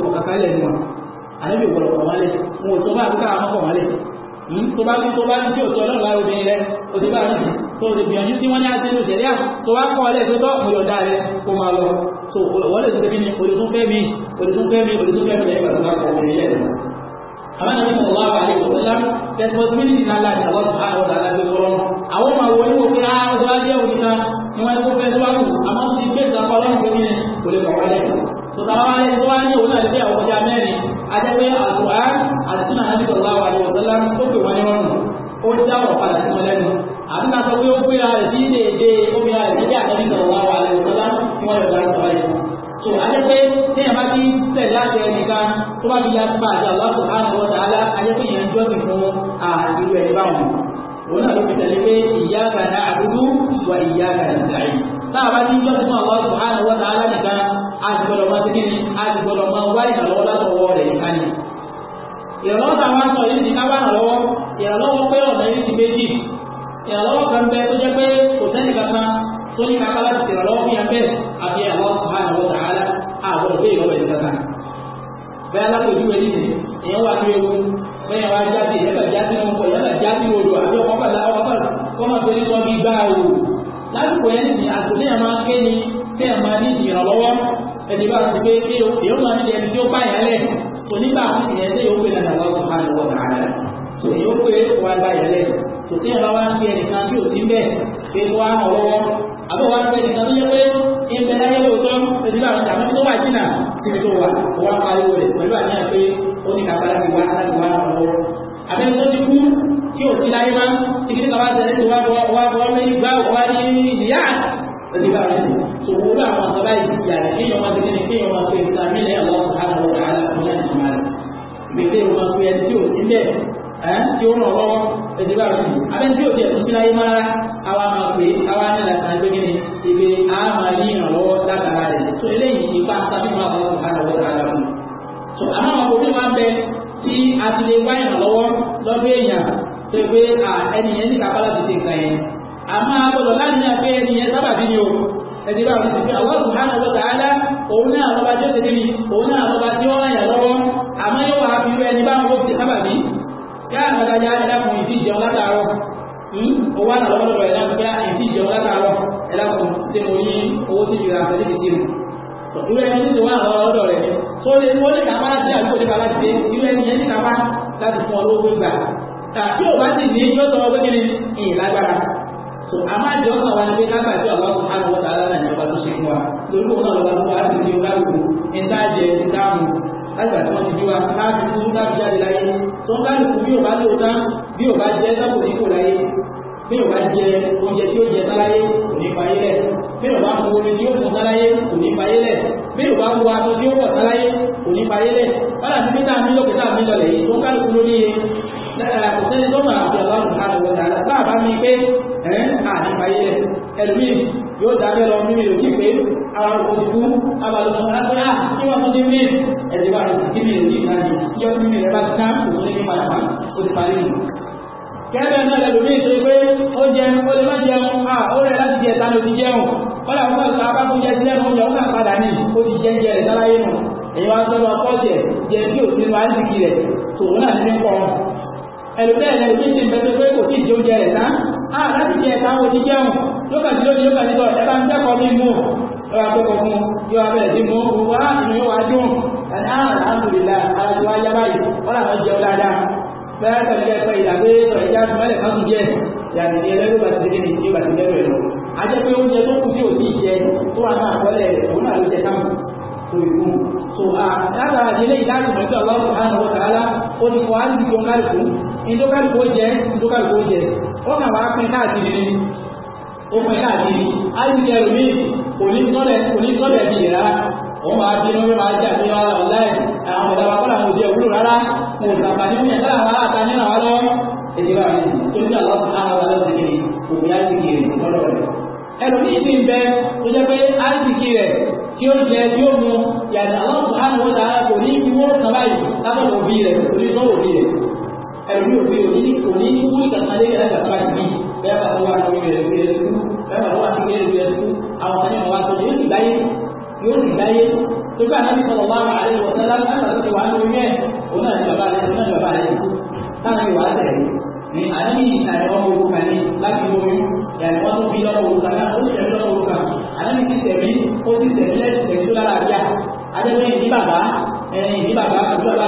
pé ọ̀kàkà ilẹ̀ ni wọn ànábì ìwọ̀lọ̀ kọ̀ wálẹ̀ wọn ò hmm? tó bá àbúkà àwọn kọ̀ wálẹ̀ tó bá tó bá ní tí ò tó ọlọ́run lára obìnrin rẹ o ti bá rẹ tó o ti gbìyànjú tí wọ́n ní àti inú sẹ̀ríà tó bá kọ́ ọlẹ́ tó tọ́ mo yọ̀ọ̀dá rẹ kó máa lọ so wọ́n lè tún tẹ́bí ni olùtún fẹ́ mi olùtún fẹ́ mi olùtún fẹ́ mi lẹ́yìn pàtó bá kọ́ obìnrin yẹn àwọn ẹni tó wà wà ní ó lè ó lè kápá láti ṣe àbí ó lè kápá láti ṣe irú ẹni yẹn ní kápá láti fún ọ lówó gbà tàbí ò bá sì ní yóò sọ ọgbẹ́ kiri ìyìn lágbára so a máa jẹ́ ọ̀sán wa ní pé kápá tí ọ̀gá ọ̀sán àwọn ọ̀tá alára ní ọba tó ṣe fún wa lórí òun náà lọ́wọ́ wa sì ní ọgá ìlú níta jẹ níta mu láti àti wọn ti bí wa láti fún láti jáde láyé tó ń bá lè fún bí ò bá lè ó tán bí ò bá jẹ́ sábò nípò láyé bí o bá jẹ oúnjẹ tí ó jẹ sáláyé kò ní fayé lẹ̀ bí o bá mu omi tí ó mu sáláyé kò ní fayé lẹ̀ bí o bá mu aṣọ tí ó wọ̀ sáláyé kò ní fayé lẹ̀ wọ́n àti mítà mi lókè tá mi lọlẹ̀ yìí tó ń kálukú lórí kò sẹ́ni tó máa fi ọ̀gá ọ̀gá ọ̀gá ọ̀gá bá a bá mi pé ẹ̀ à ní fayé lẹ̀ ẹlòmíì yóò dábẹ́ lọ mímì lòdì pé ara kò ti kú abalùsọ̀ alágbèrè à kí wọ́n tún ti mí ẹ̀dínwó àti kíbi lòdì náà ni yọ mímì rẹ̀ bá ti ká òun ní padà wá ti parí nù kẹ́rẹ́ náà lẹ́lò ní ìṣe pé ó jẹun ó lè má jẹun à ó rẹ̀ láti jẹ ìta ló ti jẹun ó làwọn náà sọ abá tó jẹ sí ẹnu oúnjẹ ó náà padà ní ó ti jẹ jẹ rẹ̀ sáráyé nù èyí wá sọ́dọ̀ ọkọ̀ jẹ jẹ bí ò sínú àìsíkì rẹ̀ tòun náà ní pọ̀ ẹlòmíràn lẹ́lò ní ìṣe pẹ̀lú pé kò tí ì jẹ oúnjẹ rẹ̀ tán à láti jẹ ìta ó ti jẹun lókàtí lónìí lókàtí lọ ẹ bá ń kẹ́kọ̀ọ́ mi mú ẹ bá kẹ́kọ̀ọ́ fún yóò abẹ́rẹ́ sí mú wá ìrìn wá dùn àlàáfíà alájọ wáyá báyìí wọ́n làwọn jẹun dáadáa bẹ́ẹ̀ tọ̀ jẹ́ pé ìyàgbé tọ̀ ìjà ìmọ̀lẹ̀ kan tún jẹ́ ìyàgbé ní ẹlẹ́rú bá ti dé ní ìdí ìbàdí lẹ́rù ẹ̀ lọ. a jẹ́ pé oúnjẹ tó kù tí ò ní jẹ tó wà náà kọ́lẹ̀ òun náà ló jẹ náà tó ìkú. so látara ìdílé ìdájú mọ́tò ọlọ́run àwọn ọ̀tá alá ó ti fọ áàlù tó kálukú ìdókàlùkù ó jẹ ìdókàlùkù ó jẹ ó kà wá pin káàkiri ni ó pin káàkiri áàlù jẹ wọ́n máa bí lórí máa jẹ́ àti ìwádà ọ̀láì àwọn ọ̀dàwà kọ́lá mo jẹ́ òwúrò rárá mo ò sàbà nínú yẹn lára àwọn aláta nínú àwọn lọ́wọ́ èdè bá mi tó ní àwọn ọ̀sán ara wa lọ́sẹ̀ kiri òbí àìsìkì rẹ̀ lọ́dọ̀ rẹ̀ ẹlòmíì sì ń bẹ tó jẹ́ pé àìsìkì rẹ̀ tí ó jẹ tí ó mu yàtọ̀ àwọn ọ̀sán àwọn ọ̀dà kò ní kí wọ́n sàn báyìí lábọ̀ òbí rẹ̀ kò ní sọ́wọ́ òbí rẹ̀ ẹlòmíì òbí rẹ̀ ní kò ní kú ìkàtà lé ẹ̀rẹ́ ìgbàgbà yìí bẹ́ẹ̀ bá wà ní ìrẹ̀lẹ̀ ìrẹ̀lẹ̀ kú bẹ́ẹ̀ bá wà ní ìrẹ̀lẹ̀ ìrẹ̀lẹ̀ kú àwọn ọ̀sán yẹn wà tó ní ìgbà yìí yóò sì láyé tó bá nàbí sọ̀rọ̀ wá wà lẹ́nu ọ̀sán lára lára tó wà lórí ẹ̀ òun náà ní bàbá rẹ̀ òun náà ní bàbá rẹ̀ táwọn ìwà tẹ̀lé ní àdéhùn ìtàrí ọmọ ogun kan ní láti lóyún ìyàrá wọn tó fi lọ́wọ́ ogun kan náà ó sì tẹ̀lé lọ́wọ́ ogun kan àdéhùn ti tẹ̀lé ó ti tẹ̀lé lẹ́sìn lára àbíyá adébẹ́ ìdí bàbá ẹni ìdí bàbá àbúrò bàbá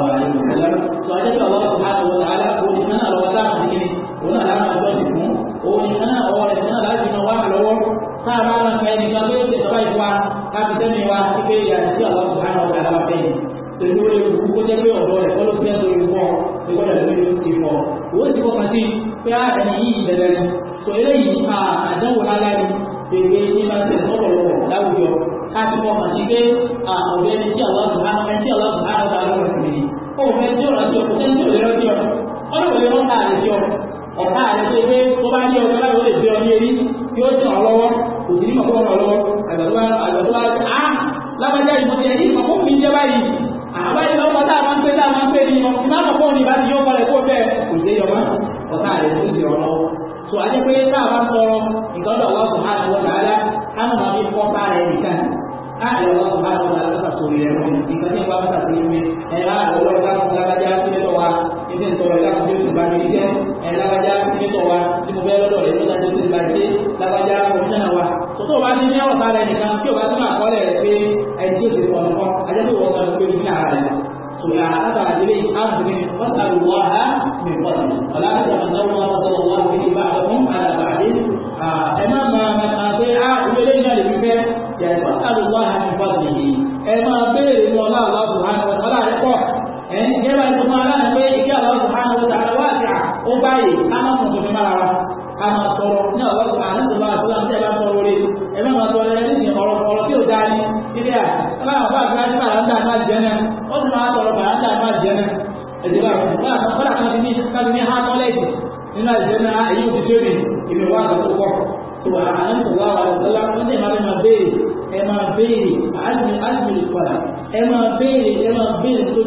adáyé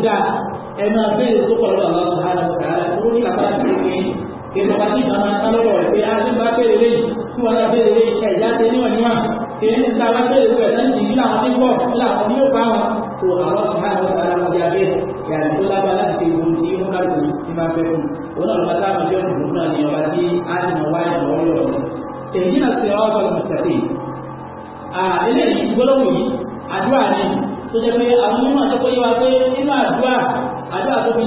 dáa ẹ máa béèrè tó pọ̀ lọ́wọ́ àwọn ọ̀hánà ọ̀hánà tó ní àbá kéèké kéèké ọba tí màmá ká lọ́wọ́ rẹ̀ pé á ti bá béèrè lé tí wọ́n bá béèrè lé ẹ̀já tẹ níwọ̀n níwọ̀n kéèké ní ta bá béèrè rẹ̀ lẹ́yìn ìdí làwọn ní bọ̀ làwọn ní ó bá wọn tó àwọn ọ̀hánà ọ̀hánà ọ̀hánà yàrá tó lágbá láti fi wo ti mú láti ti máa fẹ́ fún un òun náà lọ́ba táwọn ọjọ́ ìdùnnú náà ní ọba tí á ti mọ̀ wáyé ọ̀rọ̀ yọ̀ ọ́ èyí náà ti ọ̀rọ̀ ọ̀gbọ̀n mùsàtì àdéhùn ìgbọ́lọ́wọ̀ yìí àdúrà ni tó jẹ́ pé àwọn onímọ̀ tó kọ́ yé wa pé nínú àdúrà àdúrà tó fi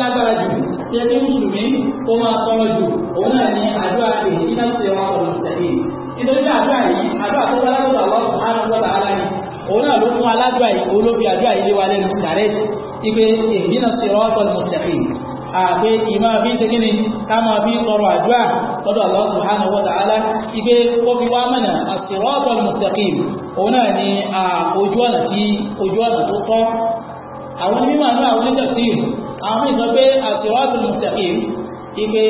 lágbára jù jẹ́ pé mùsùlùmí ó máa tọrọ jù òun náà ni àdúrà èyí iná ti wọn ọ̀rọ̀ tẹ̀lé nítorí pé àdúrà yìí àdúrà tó wá látọ̀dọ̀ àwọn àrùn wọ́n tààlà ni òun náà ló fún aládùá yìí òun ló fi àdúrà yìí lé wa lẹ́nu dàrẹ́ ipe èyí náà ti rọ́ ọ̀tọ̀ mùsùlùmí àgbé ìmọ̀ bí ṣe kíni ká máa bí tọrọ àdúrà lọ́dọ̀ Allah subhanahu wa ta'ala ipe ó fi wá mọ̀nà àti rọ́ọ̀tọ̀ mùsùlùmí òun náà ni ojú ọ̀nà tí ojú ọ̀nà tó tọ́ àwọn onímọ̀ àná àwọn oníjà sí àwọn mí sọ pé àtìwájú mustaqim ipe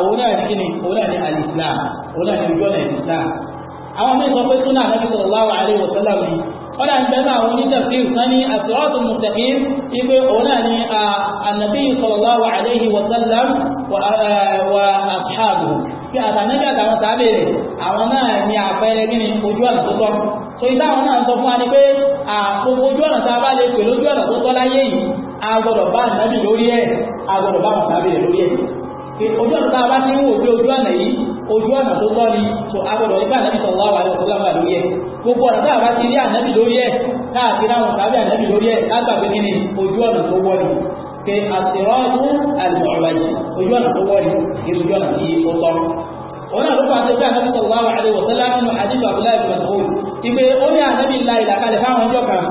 òun náà ni kíni òun náà ni al-Islam òun náà ni ojú ọ̀nà Islam àwọn mí sọ pé súnà àti sallallahu alaihi wa sallam ni wọ́n náà ń bẹ́ẹ̀ náà àwọn oníjà sí ìsán ní àtìwájú mustaqim ipe òun náà ni ànàbí sallallahu alaihi wa sallam wa ashabuhu kí àtànẹ́bí àtàwọn sábẹ́ àwọn náà ni àpẹẹrẹ nínú ojú ọ̀nà so ìta àwọn náà sọ fún wa ni pé àpòpò ojú ọ̀nà tá a bá lè pè lójú ọ̀nà tó tọ́ láyé yìí a gbọ́dọ̀ bá ànábì lórí ẹ̀ a gbọ́dọ̀ bá ànábì lórí ẹ̀ ojú ọ̀nà tá a bá ti ń wò pé ojú ọ̀nà yìí ojú ọ̀nà tó tọ́ ni so a gbọ́dọ̀ ibà ànábì sallallahu alaihi wasallam lórí ẹ̀ gbogbo ọ̀nà tá a bá ti rí ànábì lórí ẹ̀ káàkiri àwọn tàbí ànábì lórí ẹ̀ lágbàgbé kí ni ojú ọ̀nà tó wọ́ ni pé àtìrọ́ọ̀dù àlùmọ̀ọ́bàjì ojú ọ̀nà tó wọ́ ni kí ojú ọ̀nà tí ó tọ́. òun náà ló fà á ti pé ànábì sallallahu alaihi wasallam nínú àdìsọ àbúlá ìbùdó ìgbé ó ní ànábì la ìlà kalẹ̀ fáwọn ọjọ́ kan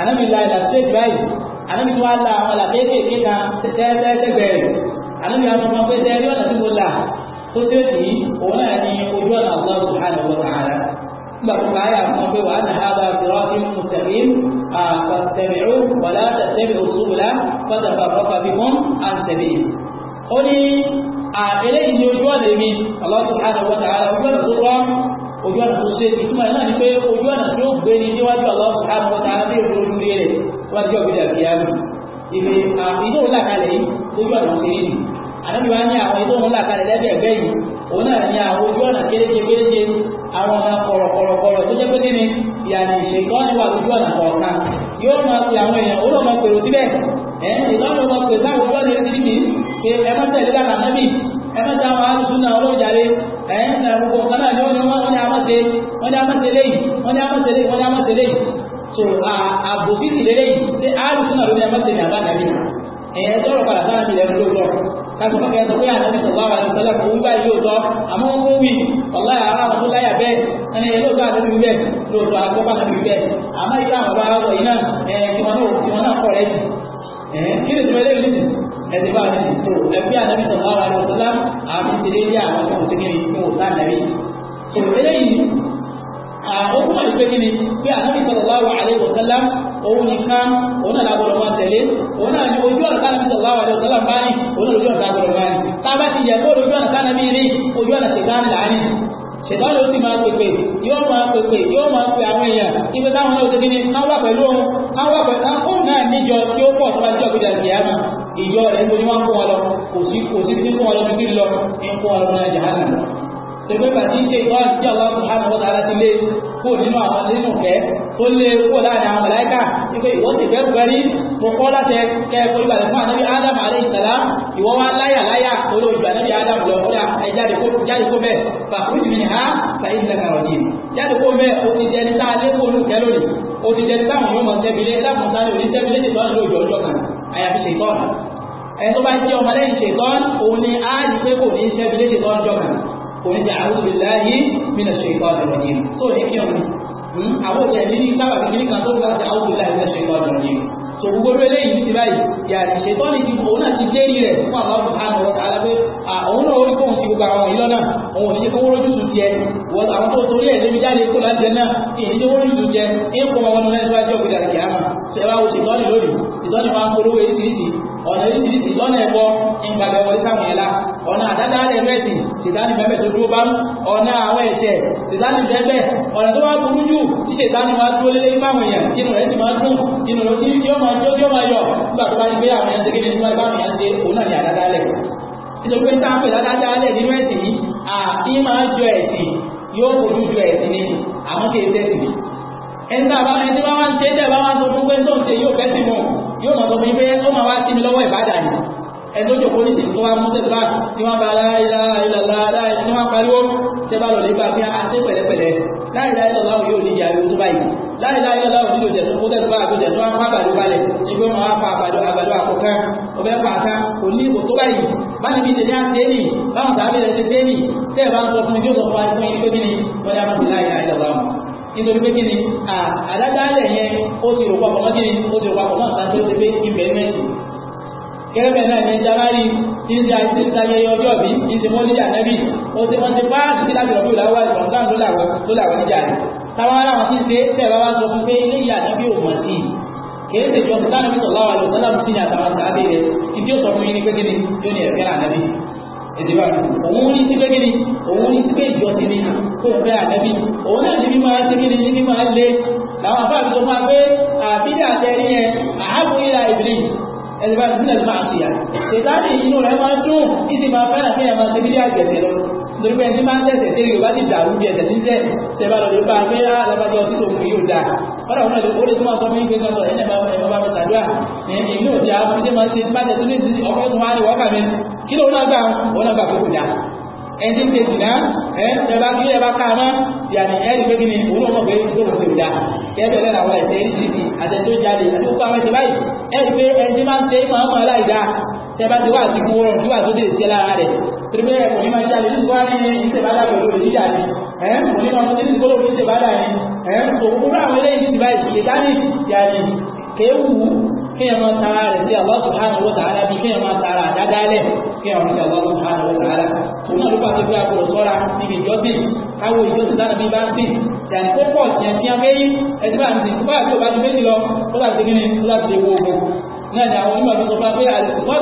ànábì la ìlà sí èdè báyìí ànábì tó wá la àwọn àlà kéékèèké kan tẹ́tẹ́tẹ́gbẹ̀rẹ̀ ànábì àwọn ọmọ pé tẹ́rí ọ̀nà tí mo là tó tí ó òun náà ní ojú ọ̀nà Allah subhanahu wa ta'ala nígbà tó báyà fún pé wà á nà ábà sirati mustaqim fattabi'u wa la ojú ọ̀nà tó ṣe ìtumọ̀ náà ni pé ojú ọ̀nà tó gbé ní níwájú Allah subhanahu wa ta'ala bí òun lórí rẹ̀ tó bá jẹ́ òbí dàbí ìfẹ́ ìdó òun làkàlẹ̀ yìí ojú ọ̀nà tó yìí àdàbí wa ní àwọn ìdó òun làkàlẹ̀ lẹ́gbẹ̀ẹ́gbẹ́ yìí òun náà ní àwọn ojú ọ̀nà kéréje kéréje àwọn ọ̀nà kọ̀rọ̀kọ̀rọ̀kọ̀rọ̀ tó jẹ́ pé kíni ni ṣe wọ́n ní a máa ṣe léyìí wọ́n ní a máa ṣe léyìí wọ́n ní a máa ṣe léyìí so àbòsísì lélẹ́yìn ṣé àrùsùn náà ló ní a máa ṣe ní àbájáde ẹ̀yẹ sọ̀rọ̀ padà sára mi lẹ́nu lóòótọ́ kásán máa kẹ́yẹ sọ pé àná ní sọ̀rọ̀ àwọn àdìsọ́lá kò wí báyìí lóòótọ́ àmọ́ wọ́n kó wí ọ̀la ara àwọn tó láyà bẹ́ẹ̀ ẹni ẹ lóòótọ́ àti wí bẹ́ẹ̀ lóòótọ́ àgbọ́pá àti wí bẹ́ẹ̀ àmọ́ ìyá àwọn bá wọ̀ yìí náà ẹ̀ kí wọn náà kí wọn náà kọ̀ rẹ̀ kí ni tìmọ̀lẹ́ yìí ẹ̀sì bá ti tó ẹgbẹ́ àdàbí sọ̀rọ̀ àwọn àdìsọ́lá àfi ti lé so eléyìí àwọn ọmọ ìpè kí ni pé àtúntò sallallahu alaihi wa sallam òun nìkan òun náà lágbọ́dọ̀ wọn tẹ̀lé òun náà ní ojú ọ̀nà tánàbí sallallahu alaihi wa sallam báyìí òun náà ojú ọ̀nà tánàbí báyìí tábà ti yẹ kó ojú ọ̀nà tánàbí rí ojú ọ̀nà tẹ̀gán láàrin ṣètọ́nù ó sì máa pèpè yóò máa pèpè yóò máa pe àwọn èèyàn ibi táwọn náà ó ti kí ni káwọn wà pẹ̀lú òun káwọn wà pẹ̀lú òun náà níjọ tí ó pọ̀ tó bá jọ gbé tẹ̀gbẹ́gbà tí ṣe ìtọ́ àti Allah subhanahu wa ta'ala ti lé kó nínú àwọn nínú fẹ́ tó lé kó láàrin àwọn màláíkà tí pé ìwọ́n ti fẹ́ gbẹ́rí mo kọ́ láti kẹ́ẹ̀kọ́ ìbàdàn fún ànábì Adam alayhi salam ìwọ́n wá láyà láyà olóòjì ànábì Adam lọ kọ́lá ẹ jáde kó bẹ́ẹ̀ fà kúrò ní ha fà ìlànà ọ̀dì jáde kó bẹ́ẹ̀ o ti jẹni tá a lé kó olùkẹ́ lónìí o ti jẹni táwọn yóò mọ̀ tẹ́bilé láwọn sáré òní tẹ́bilé ti tọ́ lójú ọjọ́ kan àyàfi ṣe ìtọ́ ẹ̀ tó bá jẹ́ ọmọlẹ́yìn ṣe ìtọ́ òun ni a rí pé kò ní tẹ́bilé ti tọ́ ọjọ́ kan oníjà àwùjọ láàyè mínà ṣe ìkọ́ ọ̀dọ̀ yìí tó ní kí ọ̀run hmm, àwọn òjò ẹ̀mí ní sábà kékeré kan tó gbà ṣe àwùjọ láàyè mínà ṣe ìkọ́ ọ̀dọ̀ yìí tó gbogbo ẹgbẹ́ lẹ́yìn ti báyìí yàtì ṣètọ́ ní ti òun náà ti dé rí rẹ̀ fún àwọn ọ̀dọ̀ àwọn ọ̀dọ̀ alábẹ́ òun náà orí fóun ti gbogbo àwọn yìí lọ́nà òun ò ní kó wóró jùsù jẹ wọ́n àwọn tó torí ẹ̀ lébi jáde kó láti jẹ náà èyí tó wóró jùsù jẹ ń kó wọn lọ́nà ẹgbẹ́ ọjọ́ òkúta ẹ̀kọ́ ń gbàgbẹ́ wọlé ọ̀nà àdádálẹ̀ mẹ́sìn ṣètánì bẹ́ẹ̀ tó dúró bá mú ọ̀nà àwọn ẹ̀ṣẹ̀ ṣètánì bẹ́ẹ̀ ọ̀nà tó wá burú jù tí ṣètánì máa dúró lélẹ́ ìbáwọn èèyàn inú rẹ̀ ti máa dùn inú rẹ̀ tí yóò máa jó tí ó máa yọ nígbà tó bá ní pé àwọn èèyàn ṣe kéde nígbà báwọn èèyàn ṣe òun náà ní àdádálẹ̀ nítorí pé táwọn pèlú àdádálẹ̀ nínú ẹ̀sìn yìí àti máa jọ ẹ̀sìn yóò fojú jọ ẹ̀sìn ni àmọ́ kì í tẹ̀sìn ni ẹni tí wọ́n wá ń ṣe tẹ̀ bá wá sọ fún pé tó ń ṣe yóò fẹ́ sí mu yóò ẹjọ́ jòkó ní ìsìn tó wá mú tẹ́lá tí wọ́n bá láìláìlọ́lá tí wọ́n pariwo tẹ́ bá lọ lè bá bí a ṣe pẹ̀lẹ́pẹ̀lẹ́ láìláìlọ́lá yóò ní ìyá ìlú báyìí láìláìlọ́lá yóò ní òjẹ̀ tó kó tẹ́lá àjọjẹ̀ tó wọ́n pàbàlú balẹ̀ ìgbé wọn wá pa àbàlú àbàlú àkọ́kọ́ ọbẹ̀ pàtà kò ní ìbò tó báyìí bá níbi ìdílé àtẹ́lì báwọn tàbí rẹ̀ ti tẹ́lì tẹ́ bá ń sọ fún yóò sọ fún àìsàn yìí ni wọ́n dá máa ti láìláìlọ́lá wọn nítorí pé kí ni àdádáálẹ̀ yẹn ó ti rò papọ̀ mọ́ kí gẹ́gẹ́ bẹ́ẹ̀ náà ní January tí ń ṣe àti ìtayẹyẹ ọjọ́ bí ní ti mọ́lí ànẹ́bí ó ti wọ́n ti bá títí láti ọdún ìlàwọ́ àti ọ̀gán tó làwọ̀ tó làwọ̀ níjà rẹ̀ táwọn aláwọ̀ ti ṣe tẹ̀ bá wá sọ fún pé ilé ìyá ànẹ́bí ò mọ̀ sí kìí ṣe jọ sùdánù bí sọ̀lá wà lọ́sọ́lá mú sí ní àtàwọn sàábì rẹ̀ ìdí ó sọ fún yín ní pé kíni tó ní ẹ̀fẹ́ ànẹ́bí ìdíbà òun ní sí pé kíni òun ní sí pé ìjọ sí ni kó ń fẹ́ ànẹ́bí òun náà ní bí máa ṣe kíni ní bí máa lé làwọn àbá àti tó máa pé àbídà àtẹrí yẹn àhábùn ìlà ìbílẹ̀ ẹ̀lẹ́bá ìpínlẹ̀ ìgbà àti ìyá ṣètàní inú rẹ̀ máa ń ìdí máa fẹ́ràn kí ẹ̀ máa ṣe bí lọ nítorí pé ẹni máa ń tẹ̀sẹ̀ tẹ́lẹ̀ yorùbá ti dàrú bí ẹ̀sẹ̀ níṣẹ́ tẹ́lẹ̀ lọ yorùbá pé alábàjẹ́ ah, ọtí tó yóò dáa wọ́n náà ó lè tó máa sọ ẹni tí ń tètè náà ẹ ẹba kí ẹba ká mọ́ yàrá ẹni pé kí ni òun náà mọ̀ pé tó kò tètè dá kẹ́ẹ̀bẹ̀ lẹ́nu àwọn ẹ̀sẹ̀ ẹni tì tì àtẹ̀tó jáde àti gbogbo àwọn ẹ̀sẹ̀ báyìí ẹni pé ẹni tí máa ń tẹ ìmọ̀ ọmọ aláìdá tẹ́bá ti wá àti kú wọ́n tí wà tó dé ìṣẹ́ lára rẹ̀ torí pé ẹ̀kùn ní máa jáde ní wá ní ìṣẹ̀bádà pẹ̀lú ìdíjà ni ẹ̀ kò ní máa tó dé ìṣẹ́gbọ́lọ̀ ní ìṣẹ̀bádà ni ẹ̀ kò kúrò àwọn eléyìí ti báyìí ìṣẹ̀dá ní ìṣẹ̀dá ni kéwù kéèyàn máa tara rẹ̀ sí Allah subhanahu wa ta'ala bí kéèyàn máa tara àdádálẹ̀ kéèyàn máa tara Allah subhanahu wa ta'ala tó náà ló bá ti fi àgbọ̀rọ̀ sọ́ra níbi ìjọsìn káwọ ìjọsìn lánàá bí bá ń sìn yàtí tó pọ̀ sí ẹtí abẹ́yí ẹtí bá ń sìn bá àti òbá ti méjì lọ ó láti ṣe kíni ó láti ṣe wo ogun náà ni àwọn onímọ̀ tó sọ fún wa pé àlùkò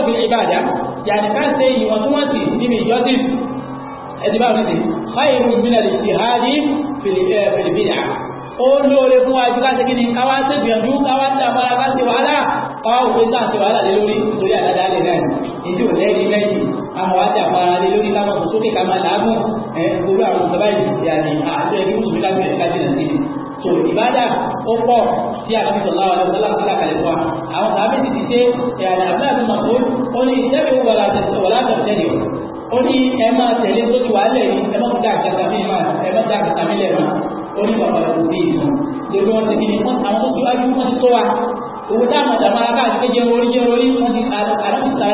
gbé ń lóore fún wa ju ká ṣe kíni káwá ṣe gbìyànjú káwá ṣe àbára ká wàhálà káwá òfin náà ti wàhálà lé lórí torí àdáda lè náà ìdí ò lẹ́ẹ̀rí lẹ́yìn àwọn àjà fara lé lórí láwọn kò sókè ká máa làágùn ẹ̀ gbogbo àwọn ìjọba ìdíyàní àti ẹbí mùsùlùmí láti ẹ̀ka jìnà sí i tó ìbádà ó pọ̀ sí àtúntò láwọn ọ̀dọ́ láti sàkàlẹ̀ fún wa àwọn sàbẹ̀ ti ti ṣe ìyàní àbúrò àti màkó ó ní ìjẹ́bí wọ́n wà látọ̀tẹ́lẹ̀ ó ní ẹ máa tẹ̀lé tó ti wà lẹ́yìn ẹ máa dá àkàtà mí máa ẹ máa dá àkàtà mí lẹ́ẹ̀ máa ó ní bàbá òbí ìlú lórí wọn ti kí ni àwọn tó ti wájú wọn ti tó wa owó táwọn àtàwọn ará àti jẹ́ orí jẹ́ orí wọ́n ti àdúgbò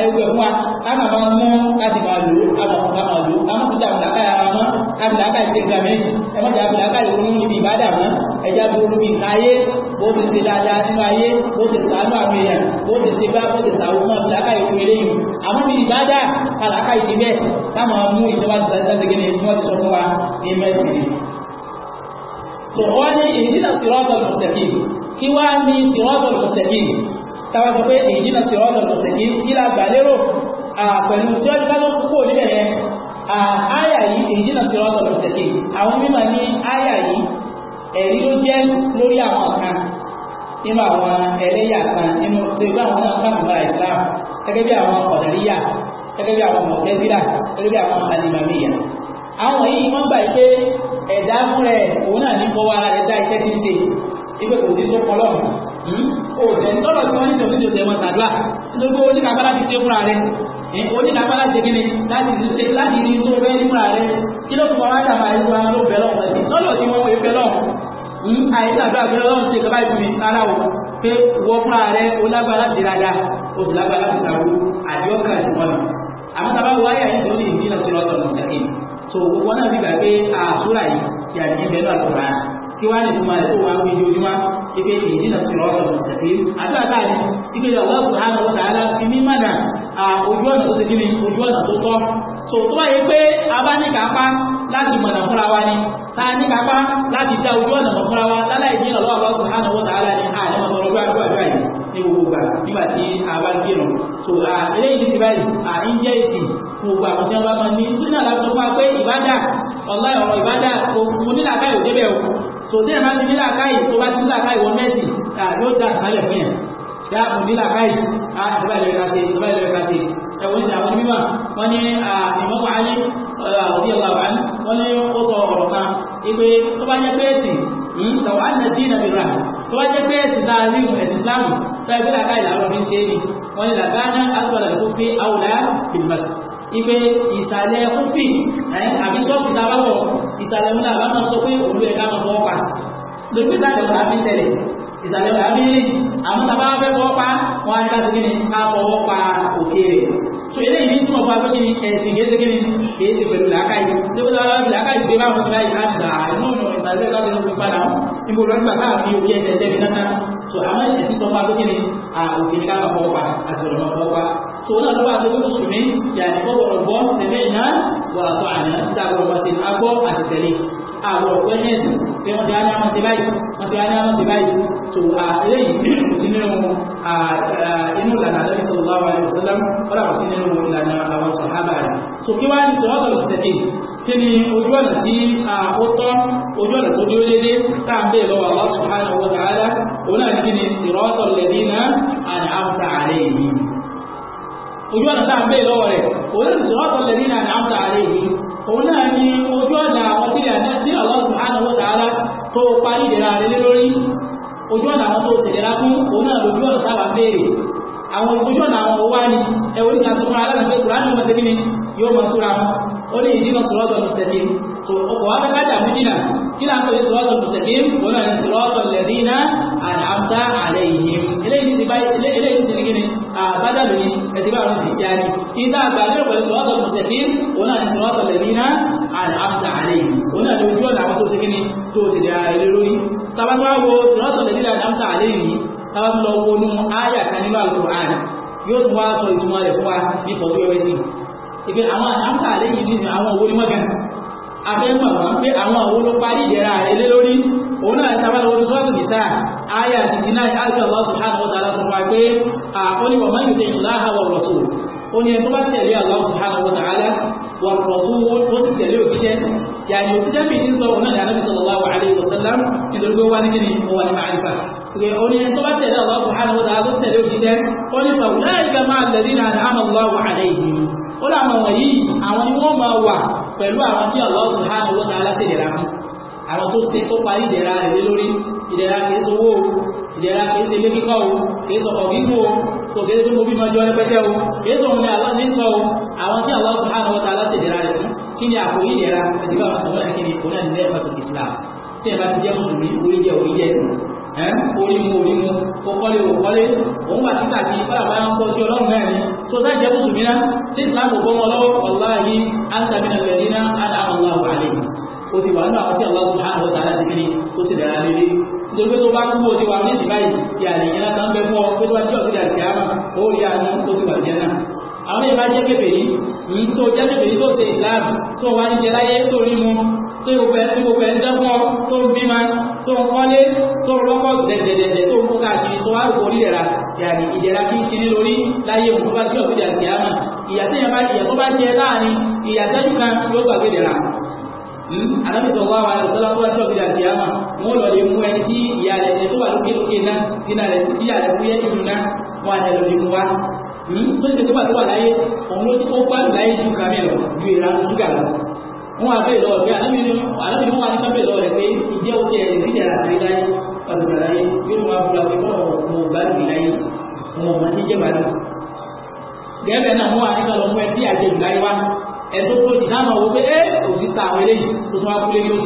ẹwú ẹ̀ fún wa káàmà máa mọ́ láti máa lò àbàkùn a máa lò káàmà tó dàbí làkàyà ara mọ́ àbí làkàyà ti gbà mẹ́rin ẹ má dàbí làkàyà olú níbi ìbádà mọ́ ẹja bí olú bí káyé bó ti ṣe dáadáa nínú ayé bó ti sàánú àwọn èèyàn bó ti ṣe bá bó ti sàwó mọ́ làkàyà olú eléyìí àmọ́ bí ìbádà ká làkàyà ti bẹ́ẹ̀ káàmà mú ìjọba ti sàtẹ́gẹ́ kí wá ní sirọ́dọ̀ lọ́sẹ̀kì táwa sọ pé èyí náà sirọ́dọ̀ lọ́sẹ̀kì kí la gbà lérò pẹ̀lú tí wọ́n ti ká ló kúkú níbẹ̀ yẹn àyà yìí èyí náà sirọ́dọ̀ lọ́sẹ̀kì àwọn mímọ̀ ní àyà yìí ẹ̀rí ló jẹ́ lórí àwọn kan nínú àwọn ẹlẹ́yà kan nínú gbogbo àwọn náà sábà Islam gẹ́gẹ́ bí àwọn ọ̀dàríyà gẹ́gẹ́ bí àwọn mọ̀tẹ́sílà gẹ́gẹ́ bí ìgbẹ́ kò sí tó kọlọ́ hmm? òtẹ̀ tọ́lọ̀ tí wọ́n ní tòun tó tẹ̀wọ̀n tàdúrà nítorí ó ní kápá láti ṣe fúnra rẹ̀ ó ní kápá láti ṣe kíni láti ṣe láti ní tó bẹ́ẹ̀ nípa rẹ̀ kí ló tún wọ́n dàbà ẹ̀rọ wa ló bẹ̀ lọ́wọ́ ẹ̀sìn tọ́lọ̀ tí wọ́n wọ́n fẹ́ lọ́wọ́ hmm? àìsàdúrà fẹ́ lọ́wọ́ ṣe kaba ìfúnni rárá o pé wọ́n fúnra rẹ̀ ó lágbára láti rada ó sì lágbára láti sàrú àdìọ́kà ìwọ́nà àmọ́ tá a bá wọ ayé àyè lórí ìdí náà sí lọ́tọ̀ lọ́tọ̀ yìí so wọ́n náà ti gbà pé àṣúrà yìí yàtí ìbẹ́lú kí wá ní ìtumọ̀ rẹ̀ tó wá wí ojoojúmọ́ ipe ìdínà sí ọ̀rọ̀ ìmọ̀tẹ̀sí àdúrà káàdì ipe ìyàwó ẹ̀kọ́ àná ó tààlà fi mí mọ̀nà ojú ọ̀nà tó ti kí ni ojú ọ̀nà tó tọ́ tó tó wáyé pé a bá ní kápá láti mọ̀nà fúnra wa ni ta ní kápá láti dá ojú ọ̀nà fúnra wa láláì ní ìrànlọ́wọ́ àwọn ọ̀sán àná ó tààlà ní àná ọ̀sán ọjọ́ àdúrà àdúrà yìí ní gbogbo gbà nígbà tí a bá ń kírun so eléyìí ti báyìí à ń jẹ́ èsì fún gbogbo àwọn tí wọ́n bá máa ní nínú àlàfo fún wa pé ìbádà ọ̀la ọ̀rọ̀ ìbádà mo nílà káyọ̀ débẹ̀ o sòdí ẹ̀ máa ti nílà káyì tó bá ti nílà káyì wọ mẹ́sì yóò dá àkálẹ̀ fún yẹn dá àpò nílà káyì á ìjọba ìlú kàtì ìjọba ìlú kàtì ẹ̀wọ̀n ní àwọn mímọ̀ wọ́n ní ìmọ̀kọ̀ ayé òbí ọ̀gá wà ní wọ́n ní ó sọ ọ̀rọ̀ kan ipe tó bá hmm, Islam fẹ́ẹ́ bí làkàyè làwọn fi ń ṣe é ni wọ́n ní làkàyè àtúbọ̀lẹ̀ tó fi àwòlá ìgbà ipe ìsàlẹ̀ wọn náà lámà sọ pé òun lè káàmà fọwọ́ pa lórí pé sáàjọ ọ̀la fi tẹ̀lẹ̀ ìsàlẹ̀ ọ̀la fi rí àwọn sábà fẹ́ fọwọ́ pa wọn á ká síkìní ká fọwọ́ pa òkè rẹ̀ tó eléyìí ní túmọ̀ fún akékìní ẹ̀sìn kéésìkìní kéésì pẹ̀lú làákàyè lórí pé sábà fi làákàyè gbé báwọn ti láyé àgbà inú ọ̀nà ìsàlẹ̀ ká ló fi padà níbo lọ́gbà káàfi òkè ẹ̀sẹ̀ ẹ̀sẹ̀ mi náà tó àwọn ẹ̀sìn tó fún akékìní òkè ní ká tòun àdúrà tó kó mùsùlùmí yàtọ̀ gbọ́dọ̀ gbọ́ tẹ̀lé iná wà tó àná tá a gbọ́dọ̀ ti agbọ́ àti tẹ̀lé àwọ̀ pẹ́ẹ́nẹ́sì pé wọ́n ti á ní àwọn ti báyìí wọ́n ti á ní àwọn ti báyìí tó à eléyìí kò sí inú ìlànà àlẹ́ ìṣòro àwọn àlẹ́ ìṣòro wọ́n làwọn sí nínú ìlànà àwọn sàhábà rẹ̀ tó kí wá ní tòwọ́tò ìṣẹ̀lẹ̀ kí ni ojú ojú ọ̀nà táà bẹ́ẹ̀ lọ́wọ́ rẹ̀ òun ní sọ́ọ̀tọ̀ lè nínú àná àmúta àlẹ́ yìí òun náà ni ojú ọ̀nà àwọn tí ní Allah subhanahu wa ta'ala tó parí ìdẹ̀ra rẹ̀ lórí ojú ọ̀nà àwọn tó tẹ̀lẹ́ra fún òun náà lójú ọ̀nà táà bẹ́ẹ̀ àwọn ojú ọ̀nà àwọn owó wá ní ẹ̀wọ̀n ní àtúnfà alábàáfẹ́ kùránì wọn tẹ́bí yóò mọ̀ súra ó ní ìdí náà sọ̀rọ̀tọ̀ ní tẹ̀bí ọkọ̀ wá bẹ́ẹ̀ dà méjìlá kí náà pẹ̀lú ní tẹ̀bí síbà ló ti já ní ìdá àgbàdo pẹ̀lú sọ́ọ́tọ̀ mùsẹ̀fí òun náà ní sọ́ọ́tọ̀ lẹ́bínà àlàáfíà àlẹ́ yìí òun náà lójú ọ̀nà àwọn tó ti kíni tó ti dá ilé lórí tabatọ́ wo sọ́ọ́tọ̀ lẹ́bínà àlàáfíà àlẹ́ yìí tabatọ́ lọ wo nú áyà kan nínú Al-Qur'an yóò tún wá sọ ìtumọ̀ rẹ̀ fún wa ní pọ̀jù ẹ̀wẹ̀ sí ibi àwọn àlàáfíà àlẹ́ yìí nínú àwọn owó ní mọ́gàn afẹ́ mọ̀ wọ́n pé àwọn owó ló parí ìjẹ́ra rẹ̀ lé lórí òun náà tabatọ́ wo sọ́ọ́tọ̀ nìsáà àyà títí náà àti Allah subhanahu wa ta'ala fún wa pé ó ní wàmá yìí tẹ̀yìn láha wà rọ̀tù ó ní ẹ̀tọ́ bá tẹ̀lé Allah subhanahu wa ta'ala wà rọ̀tù ó ti tẹ̀lé òṣìṣẹ́ yàrá òṣìṣẹ́ mi ti sọ ọ̀nà ìyànà sallallahu alaihi wa sallam nítorí pé wà ní kíni ó wà ní màálífà pé ó ní ẹ̀tọ́ bá tẹ̀lé Allah subhanahu wa ta'ala tó tẹ̀lé òṣìṣẹ́ ó ní fa ulaika ma'a alladhina an'ama Allahu alaihim ó láwọn wọ̀nyí àwọn ni wọ́n máa wà pẹ̀lú àwọn tí Allah subhanahu wa ta'ala tẹ̀lé ra àwọn tó parí ìdẹ̀ra rẹ̀ lórí ìdẹ̀ra kìí sowó o ìdẹ̀ra kìí ṣe ilé kíkọ́ o kìí sọ̀kọ̀ bíbú o tó kìí tó mobi máa jọ ẹgbẹ́tẹ́ o kìí sọ̀rọ̀ ní àlọ́ ní sọ o àwọn tí àwọn ọkùnrin àwọn ọ̀tá aláṣẹ ìdẹ̀ra rẹ̀ fún kí ni àkòrí ìdẹ̀ra àti kò Islam tí ẹ bá ti jẹ́ mùsùlùmí orí jẹ́ orí jẹ́ orí mu orí mu kó kọ́lé kó kọ́lé òun bá títà sí fọlá bá ń kọ́ sí ni tó sá jẹ́ mùsùlùmí náà tí Islam kò gbọ́mọ lọ́wọ́ ọ̀la yìí á ń tàbí nàgbẹ̀rẹ̀ ní náà á dà àwọn ọ̀la wà lẹ́yìn o ti wà nínú àwọn tí ọlọ́run á lọ́ta láti kiri ó sì dára lórí gbogbo tó bá kú bó ti wà ní ìsìn báyìí ti àlèyé láti ń bẹ fún ọ pé tó bá jẹ́ ọ̀sẹ̀ àti àmà ó rí àánú tó ti wà ní ẹ̀nà. àwọn èèyàn bá jẹ́ kébèrè yìí tó jẹ́ kébèrè tó ṣe ìsìláàmù tó wà ní jẹ́láyé tó rí mu tó gbogbo ẹ̀ tó gbogbo ẹ̀ ń dẹ́kun ọ tó ń bímọ tó ń kọ́lé tó ń rọ́kọ̀ dẹ̀dẹ̀dẹ̀dẹ̀ tó ń kó káàkiri tó wá rò orí rẹ̀ ra yàrá ìjẹ́ra kí n ṣe ní lórí láyé òun tó bá jẹ́ ọ̀sẹ̀ àti àmà ìyàtẹ̀yẹ̀ bá jẹ́ láàrin ìyàtẹ̀jú kan ló gbàgbé rẹ̀ alábìsọ̀ wá wa ẹ̀rọ sọ́lá tó bá tọ́bi àti àmà wọn lọ lè mú ẹni tí ìyá rẹ̀ ẹ̀ tó wà lókè lókè náà tí ìyá rẹ̀ tí ìyá rẹ̀ fúyẹ́ nínú náà wọn àti ẹ̀rọ lè mú wa. Hmm? tó ṣe tó bá tó wà láyé òun ló tó gbàdúrà láyé ju kàmí ẹ̀rọ ju ìra ṣúgà lọ. wọn àbẹ ìlọrọ pé alábìsọ̀ wọn àti kábẹ̀ ìlọrọ rẹ̀ pé ìjẹ́ oṣù ẹ̀rẹ̀ ìdíje àtàrí láyé ọ̀dùnkà láyé yóò wá fúra pé bọ́ọ̀ mo gbàdúrà láyé mo mọ̀ ní jẹ́ gbàdúrà. gẹ́gẹ́ náà wọn àti ẹ̀tọ́ tó ti dáná wo pé ẹ́ òsì ta àwọn eléyìí tó tún wá kúlé yóò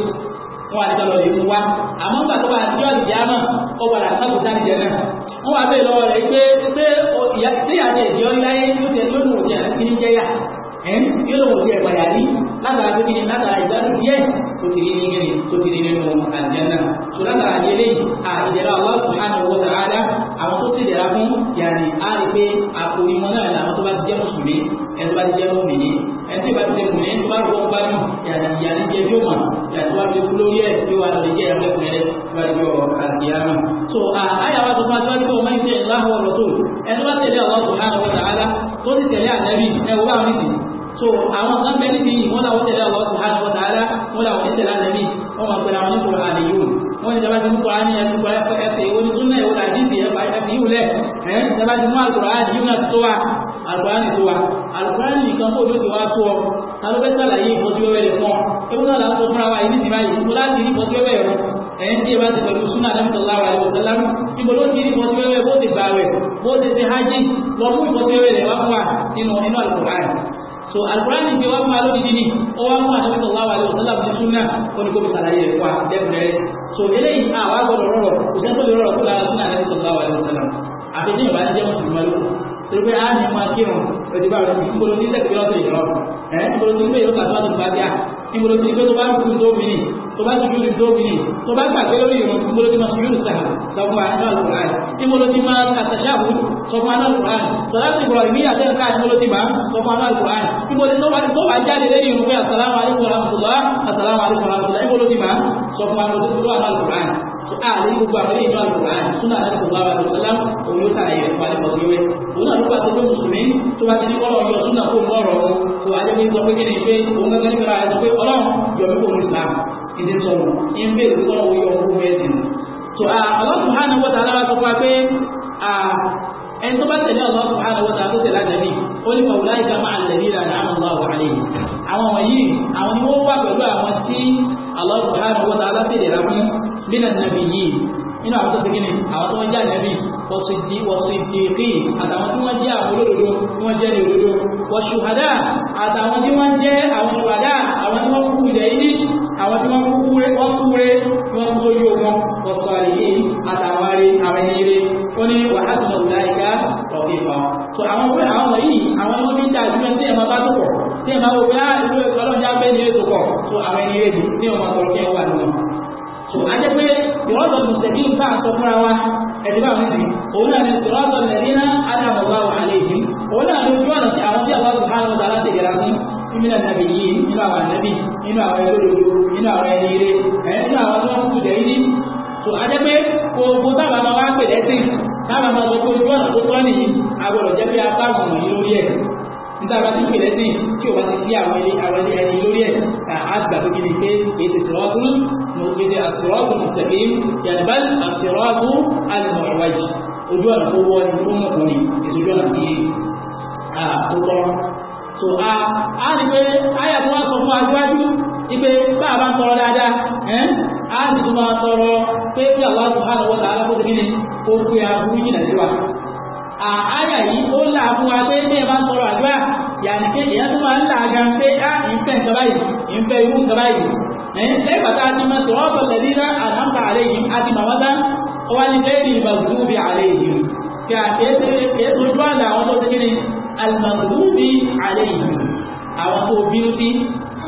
sì wọn àti tọ́lọ̀ yìí mú wá àmọ́ nígbà tó bá àtijọ́ àtijọ́ àmọ́ ó padà sábò sáré náà wọn wá bẹ́ẹ̀ lọ́wọ́ rẹ̀ pé ṣé ìyá tí àti ẹ̀jẹ̀ ọ̀yìn láyé yóò tẹ̀ yóò nù òjì àti kìíní jẹ́yà ẹ̀ yóò lọ́wọ́ òjì ẹ̀pàyà rí látara tó kìíní látara ìgbádùn díẹ̀ tó ti rí nínú tó ti rí nínú àjẹ́ náà ẹni tí bá ti tẹkùn lẹ́yìn tó bá rọ̀ wọ́n gbájú ìyàní jẹ bí ó mọ̀ ìyàtí wá fi kú lórí ẹ̀ tí wà lórí jẹ́ ẹ̀rẹ́kùn rẹ̀ wá lórí ọ̀rọ̀ àdìyàmọ̀. so àyà wa tó fún wa tó wá ní ìláhùn ọ̀rọ̀ tó ẹni wá tẹ̀lé àwọn ọ̀sùn àwọn ọ̀sùn àlá tó ti tẹ̀lé ànábì ẹ̀wọ́ bá mi sì so àwọn kan bẹ́ẹ̀ níbi yìí wọ́n làwọn tẹ̀lé àwọn ọ̀sùn àwọn ọ̀sùn àlá wọ́n làwọn tẹ̀lé ànábì wọ́n àlùkùránì nìkan kó ló ti wá tó ọ alóbẹ́ sàlàyé ìbọn tí ó bẹ̀rẹ̀ fún ọ ebú náà láti fúnra wa ìdí ìdíra yìí mo láti rí ìbọn tí ó bẹ̀rẹ̀ rọ ẹ̀yìn tí ìbá ti pẹ̀lú súnà lẹ́mùtọ́lá wa ìbò tẹ́lá mú so alukurani ti wá fún alódìdí ni ó wá fún àdébìtò láwà lè ọ̀sán so eléyìí àwọn agbọ̀dọ̀ rọrọ̀ kò sẹ́kọ̀ọ́ lè rọrọ̀ kó lára súnà àdébìtò láwà lè ọ̀sán láti àfi tí ìbá ti jẹ́ mọ̀tò ìmọ̀lú torí pé ní máa kírun ẹ̀dí bá rẹ̀ níbo ló ti lẹ́kọ̀ọ́ lọ́sẹ̀ ìjọ ẹ̀ níbo ló ti gbé yóò tàbí lọ́sẹ̀ ìgbàdíà níbo ló ti gbé tó bá ń kú tóbi ni tó bá sùkúrù tóbi ni tó bá gbàgbé lórí ìrùn níbo ló ti máa sùkúrù sàhà sọfún anáàlùkùrán níbo ló ti máa àtàṣàbù sọfún anáàlùkùrán sọláṣì ìbọ̀rọ̀ ìmí àtẹ́ǹkà níbo ló ti máa sọfún anáàlùkùrán níbo ló tó bá jáde lẹ́yìn ìrùn pé àsàlámù alẹ́kùnrin àbùdá àsàlámù alẹ́kùnrin àbùdá níbo ló ti máa sọfún anáàlùkùrán ààrẹ gbogbo àpẹẹrẹ ìjọ àlùkòrá súnà àdàkùnrin bàbá àdùnkọ́lá òun yóò tààrà yẹn fún àdìmọ̀ wíwẹ́ òun náà ló bá tó pé mùsùlùmí tó bá ti ní kọ́lọ̀ yọ súnà kó mọ́rọ̀ kó ajẹ́pẹ́ sọ pé kíni pé òun gẹ́gẹ́ nípa àti pé ọlọ́run yọ mí kò ìlà ìdí sọ̀rọ̀ ń bèèrè kọ́lọ̀ wọ yọ owó ẹ̀sìn tó Allah subhanahu wa ta'ala sọ fún wa pé ẹni tó bá tẹ̀lé Allah subhanahu wa ta'ala tó tẹ̀lé من النبيين إنه عبد الدين عبد جاء النبي وصدي وصديقين هذا ما ثم جاء ولده ثم جاء ولده والشهداء هذا ما ثم جاء أو الشهداء أو ثم كوي دايدي أو ثم كوي وصوري ثم كوي والصالحين هذا واري أميري وني وحسن أولئك رفيقا so àwọn pé àwọn wọ̀nyí àwọn ẹni bí dáa jùlọ tí ẹ̀ma bá tó pọ̀ tí ẹ̀ma wo bí á ìlú ẹ̀kọ́ lọ́jà bẹ́ẹ̀ ni ètò pọ̀ so àwọn ẹni rẹ̀ ní ọmọ àtọ̀rọ̀ kí ẹ wà nínú so a jẹ́ pé ìrọ́dọ̀ mùsùlùmí ń bá a sọ fúnra wa ẹ̀dí bá mi sì òun náà ni ìrọ́dọ̀ lẹ́yìnà adámọ̀lá wà á lè yí òun náà ni ojú ọ̀nà tí àwọn tí àwọn ọ̀gá ọ̀gá láti yẹra fún nínú àtàbí yìí nínú àwọn ànábì nínú àwọn ẹlòlòdò nínú àwọn ẹni ire ẹ̀ àwọn tó ń kú so a jẹ́ pé gbogbo táwọn àmà wa pè lẹ́sìn táwọn àmà sọ pé ojú tó tọ́ pé apá àwọn wọ̀nyí lórí ẹ̀ nígbà bá ti pèlè sí tí o bá ti sí àwọn ilé àwọn ilé ẹni lórí ẹ̀ ká á gbà pé kí ni pé ètò ìsìnrọ́gùn mo kéde àsìrọ́gùn mùsẹ̀kìm yàtìbá àsìrọ́gùn àlùmọ̀ ìwájì ojú ọ̀nà tó so a a ní pé àyà tó wá sọ fún aṣáájú ní pé bá a bá ń tọrọ dáadáa ẹ́ a sì tún máa tọrọ pé kí àwọn àtúnhàn àáyà yìí ó là fún wa pé bí ẹ bá ń tọrọ àdúrà yàní pé èèyàn tó máa ń là gan pé á ìfẹ́ nǹkan báyìí ìfẹ́ irú nǹkan báyìí ẹ̀yìn lẹ́yìn bàtà àti mọ sọ̀rọ̀ ọ̀tọ̀ tẹ̀lé rá àdáǹkà àlẹ́ yìí àti màmá dá ó wá ní lẹ́yìn ìbàdúrú bí àlẹ́ yìí kí àkẹ́sẹ̀ ojú àlà àwọn tó ti kí ni alìmọ̀dúrú bí yìí àwọn tó bínú sí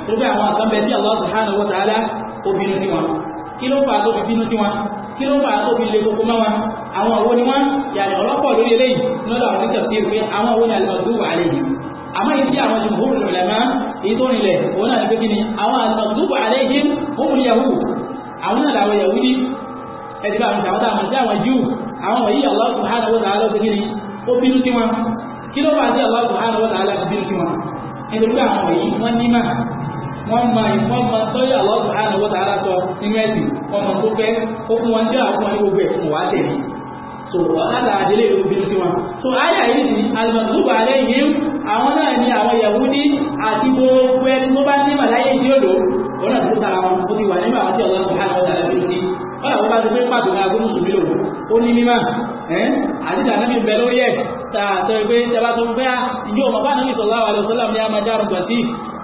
tó bẹ́ àwọn àkànbẹ̀ tí Allah subhanahu wa ta'ala ó bínú sí wọn kí kí ló fàá tó fi le koko mọ́ wa àwọn òwò ni wọ́n yàrá ọlọ́pọ̀ lórí eléyìí lọ́dọ̀ àwọn oníṣẹ́ sí pé àwọn òwò ni àlùmọ̀tò wà lẹ́yìn àmọ́ yìí tí àwọn jùmùhúrù rẹ̀ máa èyí tó rìnlẹ̀ òun náà ní pé kí ni àwọn àlùmọ̀tò wà lẹ́yìn òun yahoo àwọn náà làwọn yahoo ní ẹ̀dìbà àwọn ìṣàwọ́ta àmọ̀ sí àwọn jù àwọn wọ̀nyí Allah subhanahu wa ta'ala ti gíní wọ́n ma ìwọ́n ma tọ́yà lọ́sùn àánàwó tààrà sọ nínú ẹ̀sìn wọ́n ma tó fẹ́ ó fún wọn jẹ́ àwọn onígbogbo ẹ̀ fún wa tẹ̀lé so wàhálà àdílé ìlú bí sí wọn so àyà yìí ni alùpàdùbà lẹ́yìn àwọn náà ni àwọn Yahudi àti gbogbo ẹni tó bá ní màláyé tí ó lò wọn náà tó tara wọn ó ti wà nínú àwọn tí ọlọ́run tó hàn wọn tààrà bí sí wọn làwọn bá ti pé pàtó ní agbóhùn sùn mílò ó ní mímá àti ìdáná mi bẹ lórí ẹ tààtọ ìgbé ìjọba tó fẹ́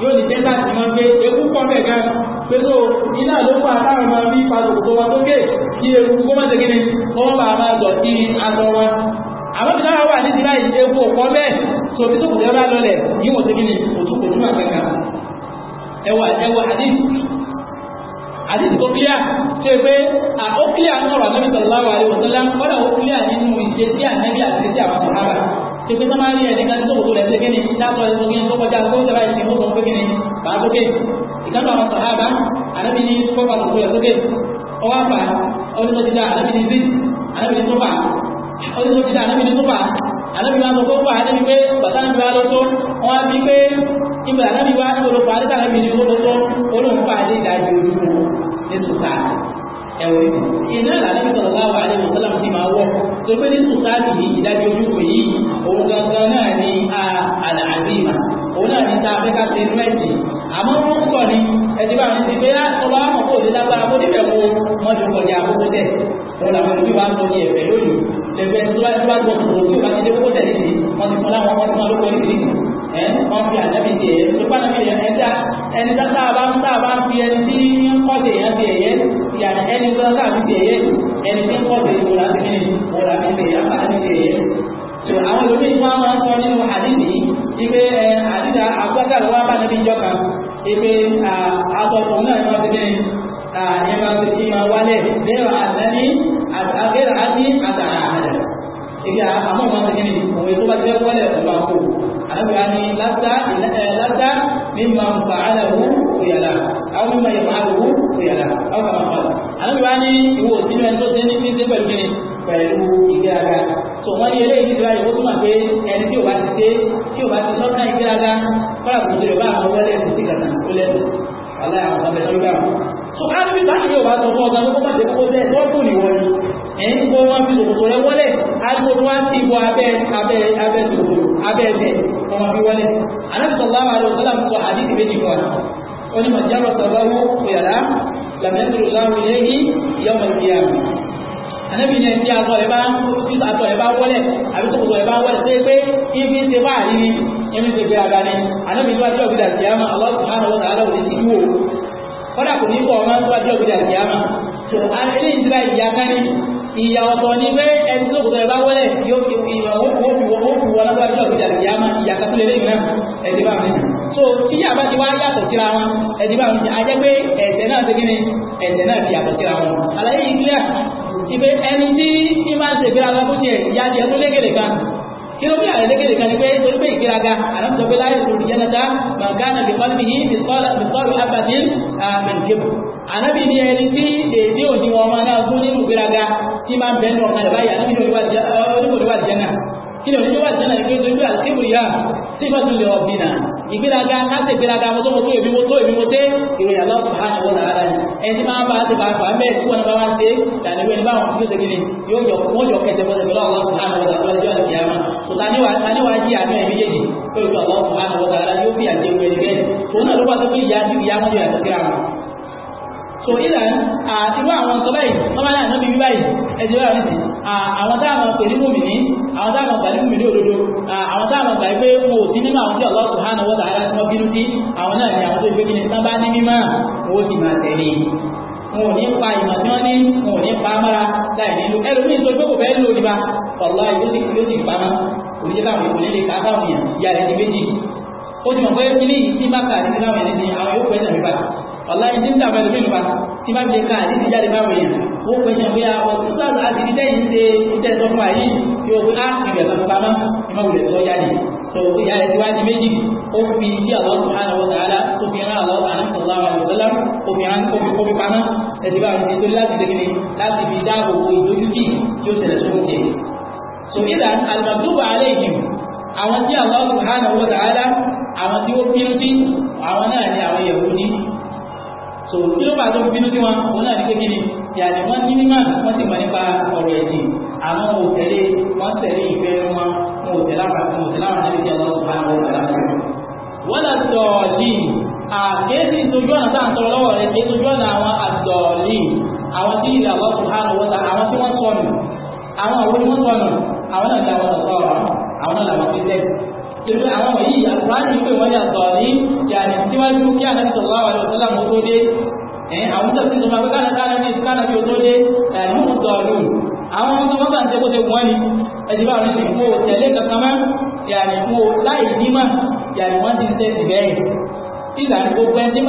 yóò ní tẹ́tà tí wọ́n gbé ewu pọ̀ bẹ́ẹ̀ gan pé tó iná ló fà táwọn máa fi padà òkú wọn tó kí ewu kó má segin ni wọ́n bá máa dọ̀ sí aṣọ wọn. àwọn tí wọ́n wà ní ti láì ewu ọ̀pọ̀ bẹ́ẹ̀ tó fi tó kù tẹ́ bá lọlẹ̀ yìí wọ́n ni òtún kò túmọ̀ kankan. ẹwà ẹwà àdìsí àdìsí tó kíyà ṣe pé ó kíyà ń sọ̀rọ̀ àtẹ́bí sọ̀rọ̀ láwàárí wọ̀tọ́lá kọ́dà ó pépé sábà rí ẹ̀ nígbà tó kòtò rẹ̀ ṣe kí ni dákọ̀ ẹ̀ sọ́kí tó kọjá tó sábà ìsìn ó sọ pé kí ni bàá sókè ìkànnì àwọn sàhábà ànábì ní kọ́kọ́ kòtò rẹ̀ sókè ọwọ́ àpà ọdún tó ànábì ní zin ànábì ní tófà ọdún tó ti dá ànábì ní tófà ànábì máa sọ pé ó fà ànábì pé bàtà ànábì wa ló tó wọn á bí pé ibà ànábì wa ló lọ fà ànábì ní ó lọ tó ó lọ fà àdé ìdájọ́ ìlú ní sùkà ẹ̀wọ̀n iná làbí sallallahu alaihi wasallam ti máa wọ̀ tó pé ní sùkáàtì yìí ìdájọ́ ojú pé yìí òun gangan náà ni àlàáfíà òun náà ni ta afẹ́ká ṣe inú ẹ̀sìn àmọ́ wọ́n sọ ni ẹ̀sìn bá mi ti pé ọba àkókò òde lágbára bó níbẹ̀ wo wọ́n ti kọjá àkókò tẹ̀ òun làwọn òbí wa ń sọ ní ẹ̀fẹ̀ lónìí lẹ́gbẹ̀ẹ́ tí wọ́n ti wá gbọ́ ẹ wọn fi ànábì tẹ ẹ tó pàdé mi yẹn ẹdá ẹni tó tá a bá tá a bá fi ẹni tí ń kọ́sẹ̀ yẹn fi ẹ̀yẹ ìyàrá ẹni tó tá a fi ẹ̀yẹ ẹni tí ń kọ́sẹ̀ yìí wòlá fi mí wòlá fi mí yàrá fi mí ẹ̀yẹ. tó àwọn olómi ìfọ àwọn sọ nínú àdìsí ipe ẹ àdìsá àgbàgbà ló wá bá níbi ìjọ kan ipe àtọkùn náà ẹ̀fọ́ ti kíni ẹ̀fọ́ ti kí máa wálẹ̀ lẹ́yìn ibi àmọ́ ìmọ̀ àti kíni òwe tó bá jẹ́ wọlé ọ̀gbà kò àlọ́gbà ni lásà mímọ̀ nfa àlàwù òyàlà àwọn mímọ̀ ìmọ̀ àlàwù òyàlà ọkà máa fọlá àlọ́gbà ni ìwò sínú ẹni tó ṣe ní ní pẹ̀lú kíni pẹ̀lú ìgbéraga tó wọ́n ní eléyìí nígbà yìí ó túmọ̀ pé ẹni tí ò bá ti dé tí ò bá ti lọ́nà ìgbéraga kọ́lá kò ẹ̀yìn kó wọ́n fi òkòtò rẹ wọlé alùpùpù abe abe wọ́n anabi atọ atọ ìyà ọ̀tọ̀ ní pé ẹni tó kò tọ̀ ẹ̀bá wọlé yóò fi wọ́n lágbára jọ ìjà ìyá máa ìyà kásílẹ̀ lẹ́yìn náà ẹ̀dí bá mi so tí yà bá ti wá yàtọ̀ síra wọn ẹ̀dí bá mi a jẹ́ pé ẹ̀jẹ̀ náà ti gíní ẹ̀jẹ̀ náà ti yàtọ̀ síra wọn àlàyé ìgbìlẹ̀ ìpè ẹni tí ní máa ń ṣe ìgbéra lọ fún tiẹ̀ ìyá tiẹ̀ tó légèrè kan kí ló bí àrẹ̀lẹ́gẹ̀rẹ̀ kan ní pé torí pé ìgbéraga àrẹ́sọ̀ pé láyé tó ní jẹ́nata màgánà bí pálí yìí bí sọ́ọ̀lù abàdín àmì ìgbébù ànábì ní ẹni tí èdè òdì wọn máa náà gún nínú ìgbéraga tí máa ń bẹ̀ nù ọ̀kan ìbáyà ànábì ní onígbòdìwà jẹ́nà kí ni onígbòdìwà jẹ́nà ní pé ojú àti ìbùrìyà tí ìbọn tún lè ọ̀bì náà ìgbéraga káṣẹ̀ ìgbéraga mọ́tò mọ́tò èmi mọ́tò èmi mọ́tò ìròyìn àlọ́ subhanahu wa ta'ala ni ẹni tí máa ń bá ti bá fà mẹ́ẹ̀ tí wọ́n bá wá ń ṣe ìlànà ìwé nígbà wọn yóò segin ni yóò yọ wọ́n yọ kẹsẹ̀ bọ́sẹ̀ pẹ̀lú àwọn subhanahu wa ta'ala lọ́jọ́ àti ìyá wọn tani wàá jí àánú ẹ̀mí yéjì so ìlà àtiwọ́ àwọn nǹkan báyìí wọ́n máa náà níbi báyìí ẹ̀jẹ̀ báyìí ní àwọn táwọn pè ní mòmìnì àwọn táwọn gbà ní mòmìnì òdodo àwọn táwọn gbà pé wọn ò sí nínú àwọn tí Allah subhanahu wa ta'ala tí wọ́n bínú sí àwọn náà ni àwọn tó gbé kíni tán bá ní mímọ́ wọn ó sì máa tẹ̀lé wọn ò ní pa ìmọ̀ tí wọ́n ní wọn ò ní pa mọ́ra láì nílò ẹlòmíì tó gbé kò fẹ́ lò nípa ọ̀la ìlósì ìlósì ìpamọ́ òṣìṣẹ́ táwọn ìpínlẹ̀ lè ká báwọn èèyàn ìyá rẹ̀ ti méjì ó ti mọ̀ pé kíní ìsí bá kà ní láwọn ẹni ti àwọn yóò ọ̀láyé tí ń tàbí ẹ̀lú mìíràn tí bá gbé káà títí jáde bá wòye ó pè ṣe pé ọ̀tún ah, sáàtù àti ìdíjẹ́ yìí ṣe iṣẹ́ tó fún àyí tí ah, ó pé á ìbẹ̀ tó pamọ́ ìmọ̀ wùlẹ̀ tó jáde tó ìyá Allah ta'ala tó fi rán àwọn àrùnsọ̀lá àrùnsọ̀lá ó fi rán kó fi pamọ́ ẹ̀sìn bá wùlẹ̀ tó láti dégele láti fi dáàbò bo ìdójútì tí ó ṣẹlẹ̀ sóhun jẹ. so ìlà àlùmọ̀tòbà Allah ta'ala àwọn tí Yahudi so kí ló bá tó bínú sí wọn òun náà ní pé kíni ìyàlẹ̀ wọn ní mímọ̀ wọ́n sì mọ̀ nípa ọ̀rọ̀ ẹ̀sìn àwọn ò tẹ̀lé wọ́n tẹ̀lé ìfẹ́ wọn wọn ò tẹ̀lé àwọn àwọn tẹ̀lé àwọn ẹ̀sìn àwọn ọ̀gá àwọn ọ̀gá wọ́n lọ sọ ọ̀dì àkéésì tójú ọ̀nà tá à ń sọ lọ́wọ́ rẹ̀ kéésì tójú ọ̀nà àwọn àtọ̀ọ̀lì àwọn tí ìlà wọ́n sùn hàn wọ́n ta àwọn tí wọ́n sọnù àwọn àwọn onímọ̀ sọnù àwọn náà ní àwọn ọ̀sọ̀ àwọn náà làwọn fi tẹ̀ torí àwọn wọ̀nyí àtàrí pé wọ́n yà sọ̀rọ̀ ní yàrá síwájú kí àdájọ́ wà wà lọ́sọ́lá mọ́ tó dé àwọn tó ti sọ ma pé káàdà káàdà ní ìsìkáàdà kí o tó dé yàrá mú sọ̀rọ̀ àwọn ọmọ tó bá ń tẹ́kọ̀ọ́ tẹ́kọ̀ọ́ wọn ni ẹ̀dí bá wọn ní ìfowó tẹ̀lé kankan mọ́ yàrá ìfowó láì nímọ̀ yàrá wọn ti ń tẹ̀sí bẹ́ẹ̀ ìlànà gbogbo ẹni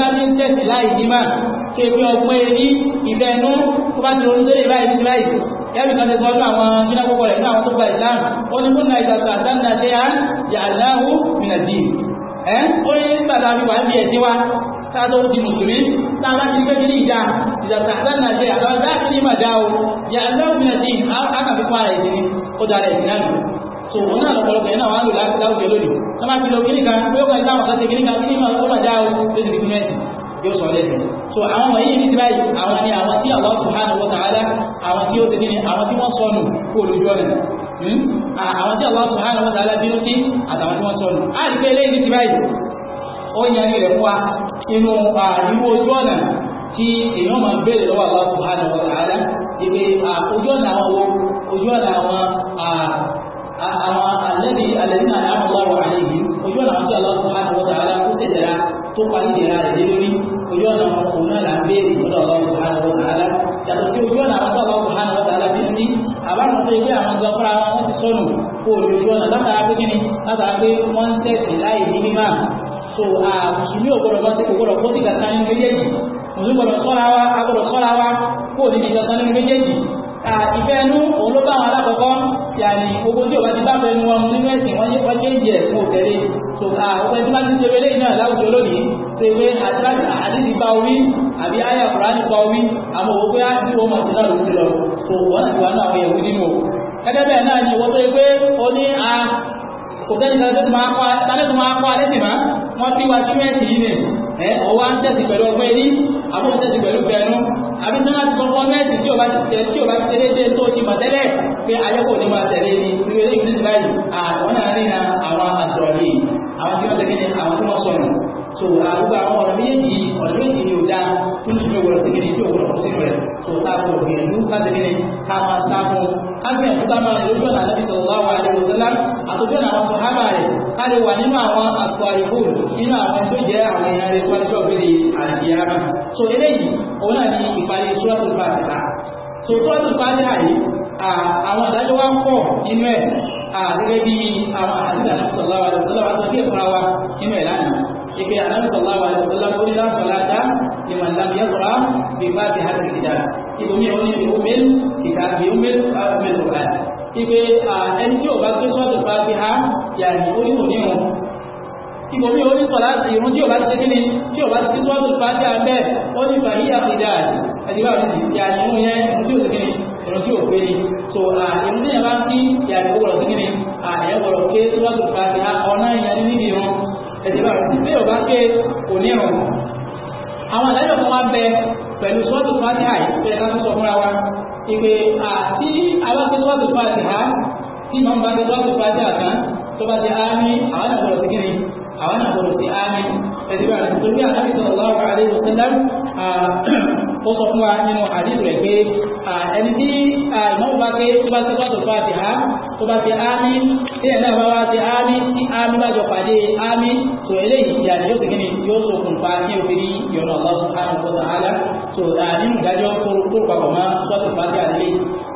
tí ẹ̀rù kan ti sọ ní àwọn kíná púpọ̀ rẹ̀ ní àwọn tó gba ìsìláàmù ó ní múnà ìgbàgbà dáńdà ṣe à yà láhù mìnàdì ẹ̀ ó ní tàdá fi wà ní ẹ̀sìn wa tàdá ó di mùsùlùmí tàdá ti gbé nínú ìjà ìjàgbà dáńdà ṣe àbá dáàbì ní màdá o yà láhù mìnàdì akàfikún ara ẹ̀sìn ni ó dára ẹ̀sìn náà lò so wọn náà lọ́pọ̀lọpọ̀ yẹn náà wọn á lò láwùjọ lónìí wọn máa fi lo kíníkà pé ó kàn yóò sọ lẹ́nu so àwọn wọ̀nyí ní báyìí àwọn ni àwọn tí Allah subhanahu wa ta'ala àwọn tí ó ti ní àwọn tí wọ́n sọnù kó lójú ọ̀nà hmm? àwọn tí Allah subhanahu wa ta'ala bínú sí àtàwọn tí wọ́n sọnù á rí pé eléyìí ní ti báyìí ó yan ní rẹ̀ fún wa inú àríwó ojú ọ̀nà tí èèyàn máa ń béèrè lọ́wọ́ Allah subhanahu wa ta'ala ìpè ojú ọ̀nà àwọn ojú ọ̀nà àwọn àwọn alẹ́bí alẹ́bí náà dáhùn lọ́wọ́ àyè yìí ojú ọ̀nà àti ọlọ́run fún àwọn ọ̀dà ara tó tẹ̀lẹ́ra tó parí ìdẹ̀ra rẹ̀ lé lórí ojú ọ̀nà òun náà là ń béèrè lọ́dọ̀ ọlọ́run fún àwọn ọ̀dà yàtọ̀ sí ojú ọ̀nà àti ọlọ́run fún àwọn ọ̀dà bí ní àbáwọn tó ẹgbẹ́ àwọn gan fúnra wọn ti sọnù kó ojú ọ̀nà látara pé kíni látara pé wọ́n ń tẹ̀sí ìfẹ́ ẹnu òun ló bá àwọn alákọ̀ọ́kọ́ yàní gbogbo tí òbá ti bá fẹ́ nu wọn nínú ẹ̀sìn wọn wọ́n jẹ́ ìjẹ́ fún òtẹ́lẹ̀ so ọgbẹ́ tí bá ti ṣe wẹlé náà láwùjọ lónìí ṣe pé àdídì bá orí àbí àyà kùránì bá orí àmọ́ òwò pé àti òun àti náà ló ti lọ so wọ́n ti wà náà àwọn ẹ̀wù nínú o gẹ́gẹ́ bẹ́ẹ̀ náà ni ìwọ́n tó yẹ pé ó ní a ah, kò tẹ́ni tẹ́ni tó máa kọ́ alẹ́ wọ́n ti wá túwẹ́ẹ̀tì yìí nì ẹ́ ọwọ́ á ń tẹ̀sí pẹ̀lú ọgbẹ́ ní àbúrò tẹ̀sí pẹ̀lú pẹ̀lú àbí tí wọ́n ti kọ́kọ́ mẹ́ẹ̀sì tí ò bá ti tẹ̀ tí ò bá ti tẹ̀lé dé tó ti mọ̀ tẹ́lẹ̀ pé ayẹ́kọ̀ọ́ ni máa tẹ̀lé ní ìwé ní ìwé báyìí àwọn náà ní àwọn àtọ̀lé àwọn tí wọ́n tẹ̀lé ní àwọn tí wọ́n sọnù so àrùgbà àwọn ọ̀rọ̀ méjèèjì ọ̀rọ̀ méjèèjì ni ò dáa tó ní ṣùgbọ́n ìwọ̀rọ̀ sí kìíní tí ò wọ̀rọ̀ sí rẹ̀ so táwọn òbí ẹ̀dú ká tẹ̀lé ká máa sáfún káfí ẹ̀kúta máa lè lójú ọ̀nà àlẹ́bí sallallahu alaihi wasallam àtòjú ọ̀nà àwọn sọ̀hábà rẹ̀ ká lè wà nínú àwọn àtò àìkú nínú àwọn tó jẹ́ àwọn èèyàn rẹ̀ wọ́n jọ gbére àdìyàrá so eléyìí òun náà ni ìparí suratul Fatiha so suratul Fatiha yìí àwọn àdájọ́ wa ń pọ̀ nínú ẹ̀ gẹ́gẹ́ bí àwọn àdìyà náà sallallahu alaihi wasallam لمن لم يقرأ بفاتحة الكتاب ibùmí òní ni omelu ìkàgbé omelu omelu rẹ ibi ẹni tí o bá gbé sọ́ọ̀tù bá fi ha yàrá orí òní o ibùmí òní sọ̀rọ̀ àti irun tí o bá ti kí ni tí o bá ti sọ́ọ̀tù bá fi abẹ́ ó ní bàyí àfidà ẹni bá ti yàrá irun yẹn irun tí o ti kí ni irun tí o gbé ni so irun tí yẹn bá fi yàrá owó rẹ̀ ti kí ni àyẹ̀ wọ̀rọ̀ ké sọ́ọ̀tù bá fi ha ọ̀nà ìyàrá nínú irun ẹni bá ti bí o ké òní àwọn àdájọ́ kan wá bẹ pẹ̀lú sọ́ọ̀tù fàtíhà ìpẹ́ ká tún sọ fúnra wa ìpè àti aláṣẹ sọ́ọ̀tù fàtíhà tí màá bá ti sọ́ọ̀tù fàtíhà kan tó bá ti ámì àwọn àgbọ̀rọ̀ sí kíni àwọn àgbọ̀rọ̀ sí ámì ẹ̀sìn bá rẹ̀ tó bí àtàkì sọ̀rọ̀ lọ́wọ́ ó sọ fún wa nínú àdìsí rẹ̀ pé ẹni tí ìmọ̀mù bá pé tó bá ti wá tó fàtì á tó bá ti ámì tí ẹ̀ náà bá wá ti ámì tí ámì bá jọ pàdé ámì tó eléyìí ìyá ni yóò ti kíni yóò tó kùn fa kí obìnrin yọ̀nà Allah subhanahu wa ta'ala tó nínú ìdájọ́ kóró papọ̀ mọ́ tó tó fàtì àdìlé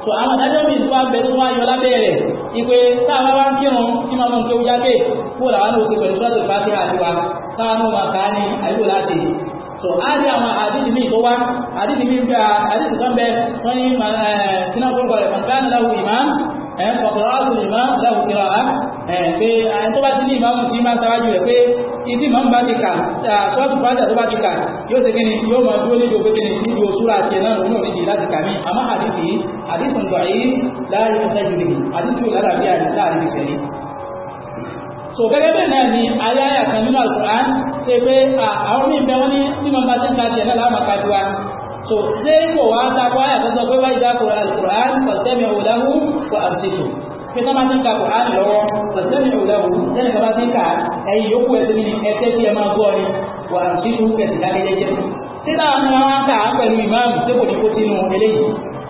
tó àwọn ìdájọ́ mi tó wá bẹ tó wá yọ lábẹ́ rẹ̀ ìpè táwa wá ń kírun tí máa mú kí ó jáde kó làwọn ò ti pẹ̀lú tó tó fàtì àdìwá táwọn ò máa láti so a rí àwọn àdìsí míì tó wá àdìsí míì gba àdìsí kan bẹ wọ́n ní kíná gbogbo rẹ̀ fọ̀nkán láwù imam ẹ̀ fọ̀kọ̀rọ̀ áwù imam láwù kíra á ẹ̀ pé àyẹ̀ tó bá ti ní imam ti máa sáwájú rẹ̀ pé ìdí imam bá ti kà sọ́ọ̀tù fàájà tó bá ti kà yóò ṣe kíni yóò máa dúró nídìí òpé ni, níbi òṣùra àti ẹ̀nà lónà òdìdí láti kà mí àmọ́ àdìsí àdìsí ń gbà yìí láàrin ọ̀sẹ̀ jùlọ àdìsí ò lára bí àdìsí láàrin ìṣẹ̀lẹ̀ so gẹ́gẹ́ bẹ́ẹ̀ náà ni ayáyà kan nínú Al-Qur'an ṣe pé àwọn mí bẹ́ wọ́n ní bí wọ́n bá ti ń ka tiẹ̀ náà láwọn kájú wa so ṣé kò wá takọ ayà tó sọ pé wáyé dákò Al-Qur'an pọ̀sẹ́mi òdáhù kò àbùsẹ̀tò pé tó máa ti ń ka Qur'an lọ́wọ́ pọ̀sẹ́mi òdáhù lẹ́nu tó bá ti ń ka ẹ̀yìn yòókù ẹ̀sìn ní ẹ̀sẹ̀ tí ẹ máa gbọ́ ni kò àbùsẹ̀tò kẹ̀sì dákẹ́jẹ́jẹ́ títà àwọn àwọn ká pẹ̀lú ìmáàmù tí kò ní kó sínú eléyìí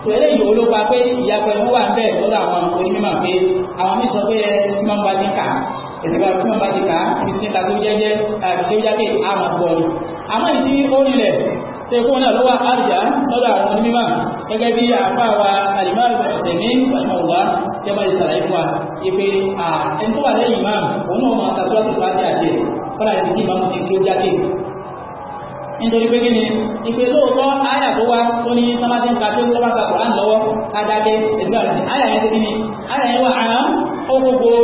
tẹ̀lé yìí olópa pé ìyapẹ̀lú wà ń bẹ̀ lọ́dọ̀ àwọn onímọ̀ pé àwọn mí sọ pé ẹ máa ń bá ní kà ìsìnkà tí wọ́n bá ti kà á ìsìn ìta tó jẹ́jẹ́ àti tó jáde àmọ̀ ni àmọ́ ìdí ó nílẹ̀ tó ikú náà lọ́wọ́ àjà lọ́dọ̀ àwọn onímọ̀ gẹ́gẹ́ bí àpá wa àlìmáàlù ọ̀tẹ̀mí ọ̀tẹ̀mọ̀wá tí wọ́n ti sàlàyé fún wa ìpè ẹni tó wà lẹ́yìn máa òun náà máa tàbí ọ̀tẹ̀ bá ti àjẹ kọ́lá ìdí kí ìmáàmù ti kí jáde nítorí pé kí ni ìpè lóòótọ́ àyà tó wá tó ní sọ́mátì ń ka tó ń sọ́mátì àkùrán lọ́wọ́ kájáde ẹ̀dúrà àyà yẹn ti kí ni àyà yẹn wà àrán ó gbogbo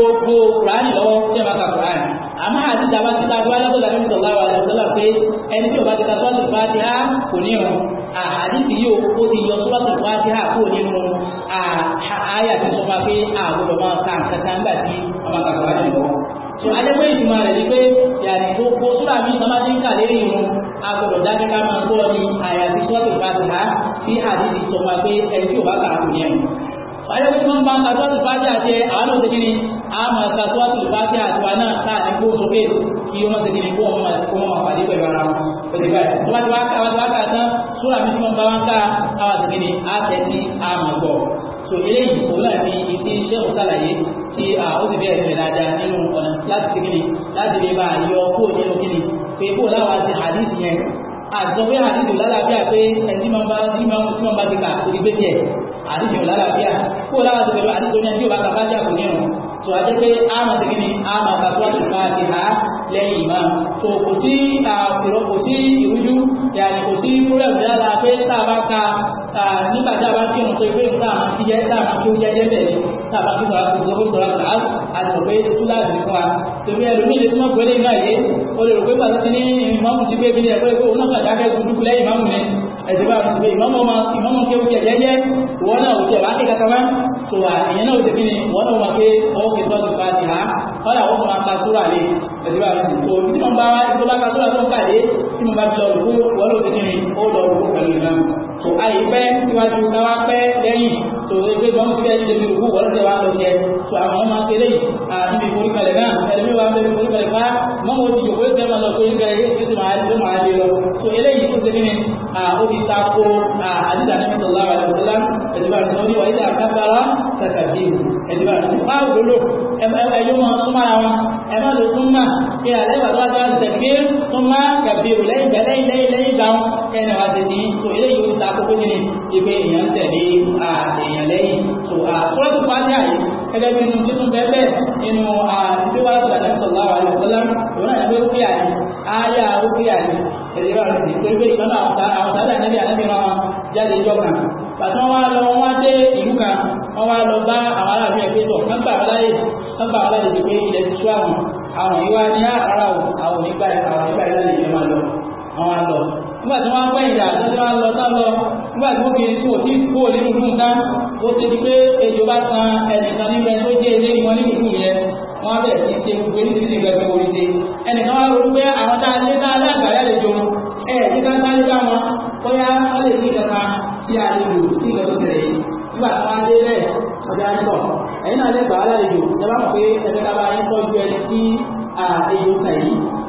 kùránì lọ́wọ́ tí a bá ka kùránì àmọ́ àti ìjàmbá ti ta tó alábọ̀lá ní ìjọba wa lọ́sọ́lá pé ẹni tí ó bá ti ta sọ́ọ̀tì fàtíhà kò ní ọ̀run àdìsí yóò ó ti yọ sọ́ọ̀tì fàtíhà kò nínú àyà tí sọ́ba pé àgbọ̀dọ̀ máa ka nǹkan nígbà tí ọmọ kàkọ́ bá dẹ̀ lọ́wọ́. tó adékòó ìdìmọ̀ rẹ̀ ni pé yàrá gbogbo sọ́ra mi sọ́ba ti ń kà lérí irun agbọ̀dọ̀ dájú ká máa gbọ́ ni àyà tí sọ́ọ̀tì fàtíhà tí àdìsí sọ́ba pé ẹni tí ò bá kà á kò ní ọ̀run báyọ̀ pé wọ́n bá ń ka sọ́ọ̀tù fájà jẹ àánú ti kíni a máa ka sọ́ọ̀tù fájà àtiwá náà káàdì kó sókè kí wọ́n ti kíni kó wọ́n máa kó wọ́n máa pàdé pẹ̀lú ara wọn pẹ̀lú báyìí tó bá ti wá ká wọ́n ti wá ká tán sóra mi tí wọ́n bá wọn ká káwá ti kíni á tẹ̀ sí a máa gbọ́ so náà ni ìdí iṣẹ́ òsàlàyé tí ó ti bẹ́ẹ̀ rẹ̀ dáadáa nínú ọ̀nà láti ti kíni láti lè bá yọ kó nínú kíni pé kó láwa ti hadith yẹn àtọ́ pé hadith lálàáfíà àdìsí ò lálàáfíà kó o lára ti pẹ̀lú àdìsí oní ẹni tí o bá ka bá jàpọ̀ nínú tó a jẹ́ pé a máa ti kíni a máa ka tó a ti máa ti ha lẹ́yìn ìmọ̀ tó kò sí àkùrọ̀ kò sí ìrújú yàrá kò sí púrẹ́mù dára pé tá a bá ka nígbà tá a bá kírun tó ìwé nǹkan àwọn ti jẹ́ tá a máa kí ó jẹ́ jẹ́ bẹ̀rẹ̀ tá a bá kí sọ̀rọ̀ àti sọ̀rọ̀ sọ̀rọ̀ àti àtọ̀gbẹ́ tó láàbì fún wa tèmi ẹlòmíì lè tún ọgbẹ́lẹ́ náà yé o lè rò pé pàṣẹ ní ìmọ̀mù ti gbé ibi ní ẹ̀kọ́ ìgbé òun náà kàdákẹ́ gbùdúgbù ẹ̀sìn bá ti gbé ìmọ̀mọ̀ ọmọ ìmọ̀mọ̀ kí ó jẹ jẹ́jẹ́ ìwọ náà ò tẹ̀ wá kí kàkà máa tó wà ìyẹn náà ò tẹ̀ kí ni ìwọ náà máa pé ọwọ́ kí tọ́jú bá ti há ọ̀là ó máa ka súrà lé ẹ̀sìn bá ti tó ní tí wọ́n bá wá tó bá ka súrà tó ń kàlé tí mo bá ti lọ rúkú ìwọ náà ò tẹ̀ kí ni ó lọ rúkú pẹ̀lú ìmọ̀ tó ayé pẹ́ síwájú káwá pẹ́ lẹ́yìn tó o gbé bọ́n fẹ́ ṣe òkú wọ́n ṣe ti jòkó Ah, ó fi ta ko ah, àdìdà ní mọ́tò láwà ìlúlá ẹ̀dìbà tó ní wàyí àkábára tàkàbí ẹ̀dìbà tó bá gbóló ẹ̀yọ́ wọn tó mára wọn ẹ̀má ló tún mà kí alẹ́ ìgbà tó wá dáa tẹ̀gbé tó má kàbí rù lẹ́yìn lẹ́yìn lẹ́yìn lẹ́yìn dáa kẹ́ni wa ti ní tó ilé yìí ó ti ta kókó ní ibi èèyàn tẹ̀lé èèyàn lẹ́yìn tó àkúrẹ́tù pàdé àyè gẹ́gẹ́ bí inú títún bẹ́ẹ̀ bẹ́ẹ̀ inú àdìdíwájú àdàmùsọ̀lá wa ìlúlá òun náà ló kí àyè áyà ó kí àyè ẹ̀rẹ́ bá rẹ̀ pé pé ìkọ́nà àwọn sáré ànábì ànábì máa jáde ìjọ kan pàtó wọn lọ wọn dé ìlú kan wọn wá lọ bá àwọn aláàbí ẹgbẹ́ tọ̀ kán gbà wọláyè kán gbà wọláyè ti pé ilẹ̀ ti sú àwọn àwọn yìí wá ní àkàrà àwọn onígbà àwọn onígbà ìlànà ìjọba máa lọ àwọn àlọ nígbà tí wọn pẹ́ ìdá àtọ́jú wọn lọ sá lọ nígbà tí wọn kì í kú òtí kú òní nínú nǹkan ó ti di pé ejò bá san ẹnìkan níbẹ̀ tó jẹ́ ilé wọn nínú ìlú yẹn wọn bẹ̀rẹ̀ sí ṣe gbogbo ní ti ti gbẹgbẹ orí ṣe ẹnìkan wá ronú pé àwọn tá a lé tá a lágbàáyà lè ní ìjọba tí a lè lò sí ìjọba tẹ̀lé yìí nígbà tí wọ́n dé bẹ́ẹ̀ ọjà ń bọ̀ ẹ̀yin náà lè gbà á lálejò ẹ bá pé ẹgbẹ́ ta yín tọ́jú ẹni tí èyí ń tẹ̀ yìí